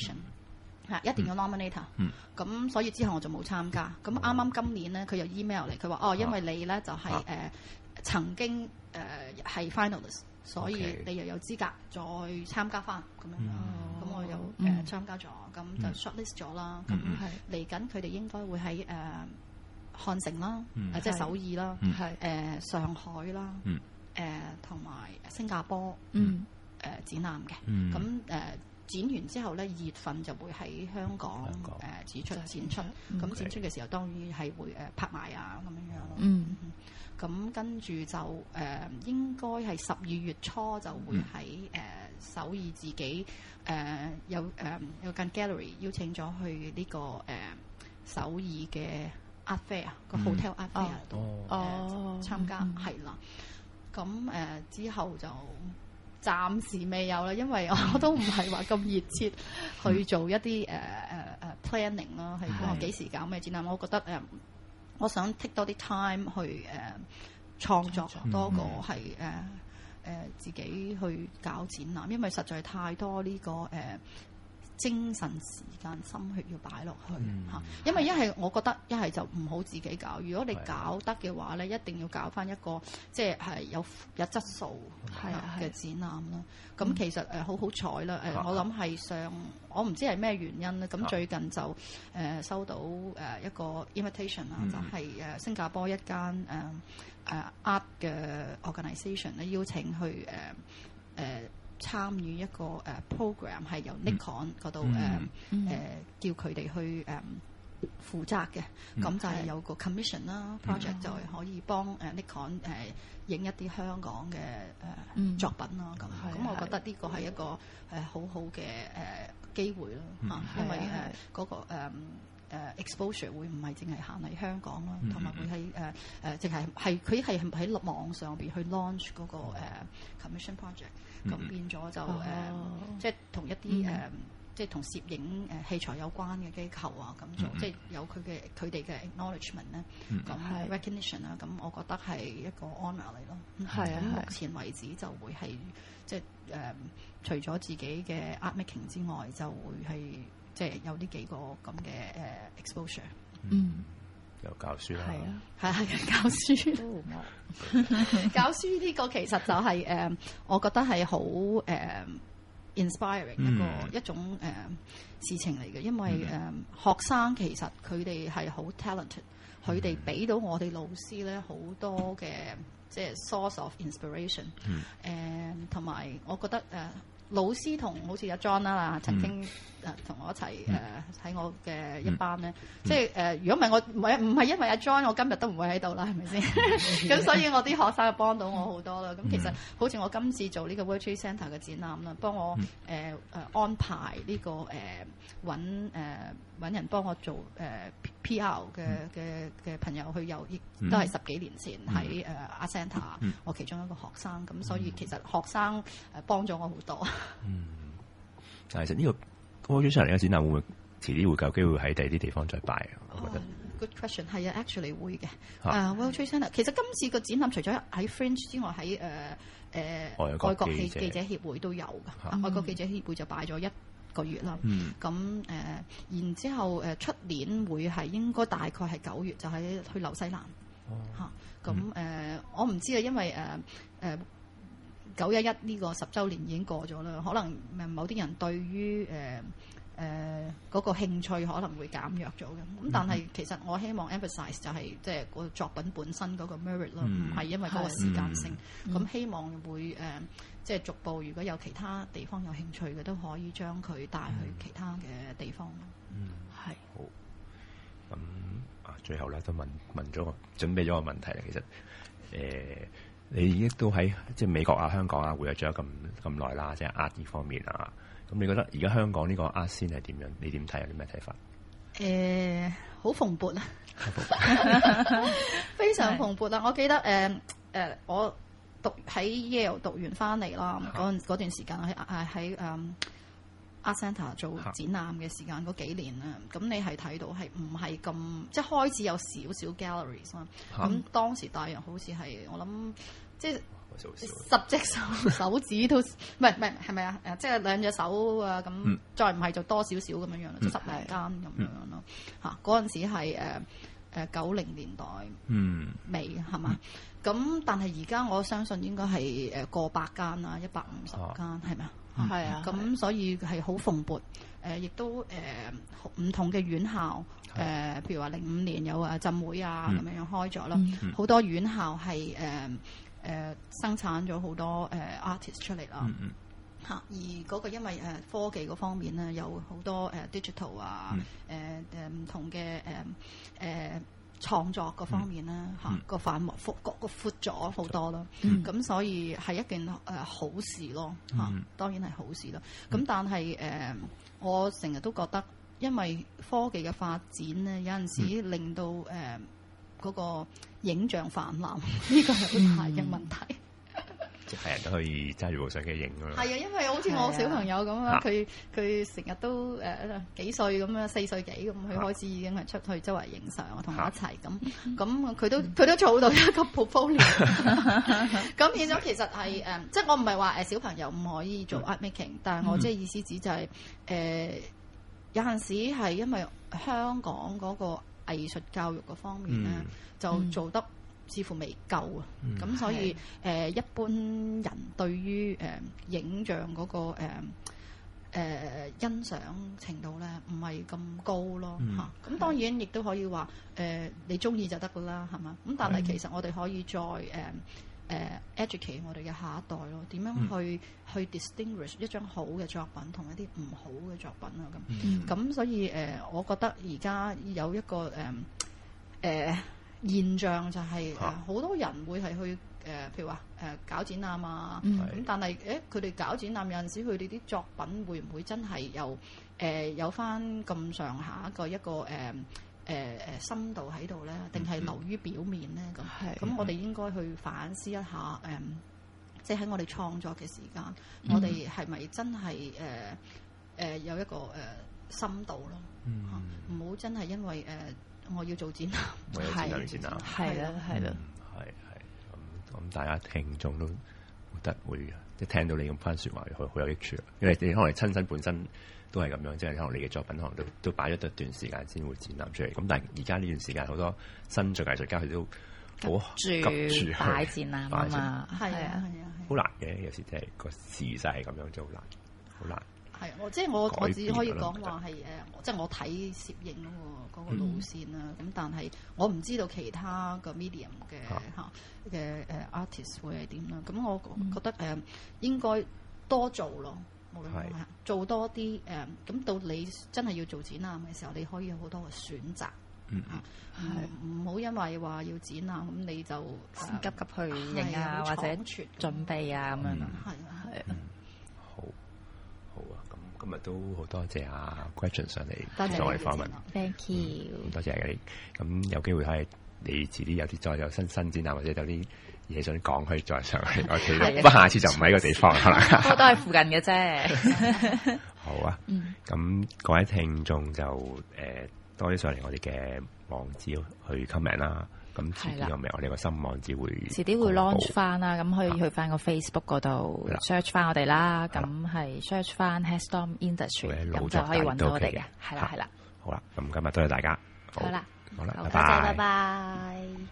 [SPEAKER 1] 一定要 nominator、嗯。咁所以之後我就冇參加。咁啱啱今年咧，佢又 email 嚟，佢話、啊、哦，因為你咧就係、是、誒、啊呃、曾經誒係、呃、finalist，所以你又有資格再參加、嗯哦哦哦呃、
[SPEAKER 4] 參加翻咁樣。
[SPEAKER 1] 咁我有誒參加咗，咁就 shortlist 咗啦。咁係嚟緊，佢哋、嗯、應該會喺誒漢城啦，即、嗯、係、呃就是、首爾啦，係誒、嗯呃呃、上海啦，誒同埋新加坡，誒、嗯呃、展覽嘅。咁、嗯、誒。呃呃嗯呃呃剪完之後咧，二月份就會喺香港誒展、嗯呃、出、展出。咁、Okay。展出嘅時候當然係會誒拍賣啊咁樣樣。嗯。咁、嗯、跟住就誒、呃、應該係十二月初就會喺誒、嗯呃、首爾自己誒、呃、有誒、呃、有一間 gallery 邀請咗去呢、呢個誒、呃、首爾嘅 art fair、嗯那個 hotel art fair 度、哦、誒、呃哦、參加係、嗯、啦。咁誒、呃、之後就。暫時未有啦，因為我都唔係話咁熱切去做一啲誒誒誒 planning 啦，係我幾時搞咩展覽？我覺得誒、呃，我想 take 多啲 time 去誒創、呃、作多個係誒誒自己去搞展覽，因為實在太多呢、這個誒。呃精神時間、心血要擺落去、嗯、因為一係我覺得一係就唔好自己搞，如果你搞得嘅話咧，一定要搞翻一個即係、係、有有質素嘅展覽啦。咁其實誒好好彩啦，我諗係上我唔知係咩原因咧。咁、啊、最近就、呃、收到一個 invitation 啦、啊，就係、係、新加坡一間誒、呃啊、art 嘅 organisation 咧，邀請去、呃呃參與一個 program 係由 Nikon 嗰度、嗯嗯嗯啊、叫佢哋去、嗯、負責嘅，咁、嗯、就係有個 commission 啦、嗯、project 就係可以幫 Nikon 影、啊、一啲香港嘅、啊嗯、作品啦。咁咁，我覺得呢個係一個、啊、好好嘅、啊、機會啦，嚇、嗯，因為嗰個、啊、exposure 會唔係淨係行喺香港咯，同、嗯、埋會喺誒誒淨係係佢係喺網上邊去 launch 嗰、嗰個、嗯 uh, commission project。咁、mm -hmm. 變咗就誒，即係同一啲誒，即係同攝影誒器材有關嘅機構啊，咁、mm -hmm. 做，mm -hmm. 即係有佢嘅佢哋嘅 acknowledgement 咧，咁、mm -hmm. recognition 啦，咁我覺得係一個 honor 嚟咯。係、mm、啊 -hmm. 嗯，咁目前為止就會係即係誒，就是 um, 除咗自己嘅 art making 之外，就會係即係有呢幾個咁嘅誒 exposure。嗯、mm
[SPEAKER 2] -hmm.。又教書啦，係啊，
[SPEAKER 1] 係、啊、係、啊、教書， 教書呢個其實就係、係、誒，uh, 我覺得係好誒 inspiring 一個、嗯、一種誒、uh, 事情嚟嘅，因為誒、uh, 嗯、學生其實佢哋係好 talented，佢哋俾到我哋老師咧好多嘅、嗯、即係 source of inspiration，誒同埋我覺得誒。Uh, 老師同好似阿 John 啦，曾經誒同我一齊誒喺我嘅一班咧、嗯，即係誒如果唔係我唔係唔係因為阿 John，我今日都唔會喺度啦，係咪先？咁 所以我啲學生就幫到我好多啦。咁其實好似我今次做呢個 Virtual Center 嘅展覽啦，幫我誒誒、嗯呃呃、安排呢、呢個誒揾誒。呃揾人幫我做 PR 嘅嘅嘅朋友去有，亦都係十幾年前喺誒 Art Center 我其中一個學生咁，嗯、所以其實學生誒幫咗我好多嗯、這
[SPEAKER 2] 個。嗯，但其實呢個 w l l t r n 嚟嘅展覽會唔會遲啲會有機會喺第二啲地方再擺、uh, 我覺
[SPEAKER 1] 得？Good question，係啊，actually 會嘅。啊，Will Trina，其實今次個展覽除咗喺 Fringe 之外，喺、uh, uh, 外國記者外國記者協會都有嘅。Uh, uh, uh, 外國記者協會就擺咗一個月啦，咁、嗯、誒、嗯，然之後誒出年會係應該大概係九月就，就係去紐西蘭嚇。咁、嗯、誒、嗯嗯，我唔知啊，因為誒誒九一一呢個十週年已經過咗啦，可能誒某啲人對於誒誒嗰個興趣可能會減弱咗嘅。咁、嗯嗯、但係其實我希望 emphasize 就係即係個作品本身嗰個 merit 咯、嗯，唔係因為嗰個時間性。咁、嗯嗯、希望會誒。呃即係逐步，如果有其他地方有興趣嘅，都可以將佢帶去其他嘅地方，嗯，
[SPEAKER 2] 係好。咁、嗯、啊，最後咧都問問咗個準備咗個問題咧。其實，誒、呃，你已經都喺即係美國啊、香港啊活躍咗咁咁耐啦，即係藝術方面啊。咁你覺得而家香港呢個藝術係點樣？你點睇有啲咩睇法？
[SPEAKER 1] 誒、呃，好蓬勃啊 非常蓬勃啊！我記得誒誒、呃呃、我。讀喺耶魯讀完翻嚟啦，嗰、oh, 段時間喺喺誒 Art Center 做展覽嘅時間嗰、oh. 幾年啦，咁你係睇到係唔係咁即係開始有少少 galleries 嘛、oh.？咁當時大約好似係我諗即係十隻手手指都，唔係唔係係咪啊？誒即係兩隻手啊咁，mm. 再唔係就多少少咁樣樣啦，十零間咁樣樣咯嚇。嗰陣時係誒九零年代尾係嘛？Mm. 咁，嗯嗯嗯、但係而家我相信應該係誒過百間啦，一百五十間係咪啊？係、嗯、啊，咁所以係好蓬勃，誒、呃，亦都誒唔、呃、同嘅院校，誒、呃，譬如話零五年有誒、啊、浸會啊咁樣樣開咗咯，好、嗯嗯、多院校係誒誒生產咗好多誒 artist、呃、出嚟啦，嚇、嗯！嗯、而嗰個因為誒、呃、科技嗰方面咧，有好多誒、呃、digital 啊、呃，誒誒唔同嘅誒誒。呃呃呃呃創作嗰方面啦，嚇、嗯，個範圍覆個個闊咗好多咯，咁、嗯、所以係一件誒好事咯嚇，當然係好事咯。咁、嗯嗯、但係誒、呃，我成日都覺得，因為科技嘅發展咧，有陣時候令到誒嗰、嗯呃那個影像泛濫，呢、這個係好大嘅問題、嗯。
[SPEAKER 2] 即係人都可以揸住部相機影㗎喇。係啊，因為好似我小
[SPEAKER 1] 朋友咁啦，佢佢成日都誒幾歲咁啊，呃、歲四歲幾咁，佢開始已經係出去周圍影相，同我一齊咁。咁佢、嗯嗯、都佢、嗯、都做到一個 portfolio。咁變咗其實係誒、呃，即係我唔係話誒小朋友唔可以做 art making，但係我即係意思指就係、是、誒、嗯呃、有陣時係因為香港嗰個藝術教育嗰方面咧、嗯，就做得。似乎未夠啊，咁、嗯、所以誒、呃、一般人對於誒、呃、影像嗰、那個誒、呃呃、欣賞程度咧，唔係咁高咯嚇。咁、嗯啊、當然亦都可以話誒、呃、你中意就得噶啦，係嘛？咁但係其實我哋可以再誒誒、呃呃、educate 我哋嘅下一代咯，點樣去、嗯、去 distinguish 一張好嘅作品同一啲唔好嘅作品啊？咁、嗯、咁所以誒、呃，我覺得而家有一個誒誒。呃呃現象就係、是、誒，好、啊、多人會係去誒、呃，譬如話誒，搞展覽啊。咁、嗯、但係誒，佢哋搞展覽有陣時，佢哋啲作品會唔會真係又誒有翻咁上下嘅一個誒誒誒深度喺度咧？定係流於表面咧？咁、嗯、咁，嗯、我哋應該去反思一下誒，即、呃、喺、就是、我哋創作嘅時間，我哋係咪真係誒誒有一個誒深度咯？唔、呃、好、嗯、真係因為誒。呃我要做展覽，我要
[SPEAKER 2] 展覽，係啦，係啦，係係咁咁，大家聽眾都覺得會啊，即係聽到你咁番説話，好好有益處。因為你可能你親身本身都係咁樣，即係可能你嘅作品可能都都擺咗一段時間先會展覽出嚟。咁、嗯、但係而家呢段時間好多新作藝術家佢都好急住擺展覽啊嘛，係啊，係啊，好難嘅，有時即係個時勢係咁樣，就好難，好難。
[SPEAKER 1] 係，我即係我，我只可以講話係誒，即係我睇攝影嗰、嗰個路線啦、啊。咁、嗯、但係我唔知道其他嘅 medium 嘅嚇嘅誒 artist 會係點啦。咁我、嗯、覺得誒、嗯、應該多做咯，無論係做多啲誒。咁、嗯、到你真係要做展覽嘅時候，你可以有好多個選擇。嗯，唔好、啊嗯、因為話要展覽，咁
[SPEAKER 3] 你就急急去影啊，或者準備啊咁樣。係、嗯、啊，係
[SPEAKER 2] 今日都好多謝阿 Gretchen 上嚟作為訪問
[SPEAKER 3] ，Thank you，多謝
[SPEAKER 2] 你。咁、嗯、有機會可以，你遲啲有啲再有新新展啊，或者有啲嘢想講，可以再上嚟我哋。不 過、okay, 下次就唔喺個地方啦，不 都係
[SPEAKER 3] 附近嘅啫。 好啊，
[SPEAKER 2] 咁各位聽眾就誒、呃、多啲上嚟我哋嘅網址去 comment 啦。咁遲啲有冇？我哋個心望只會遲啲會 launch
[SPEAKER 3] 翻啦，咁、啊、可以去翻個 Facebook 嗰度 search 翻我哋啦，咁、啊、係 search 翻 Hashtag Industry，咁就可以揾到我哋嘅。係、啊、啦，係、啊、啦、啊。
[SPEAKER 2] 好啦，咁今日多謝，謝大家，好啦，啊、好啦，拜拜，拜
[SPEAKER 3] 拜。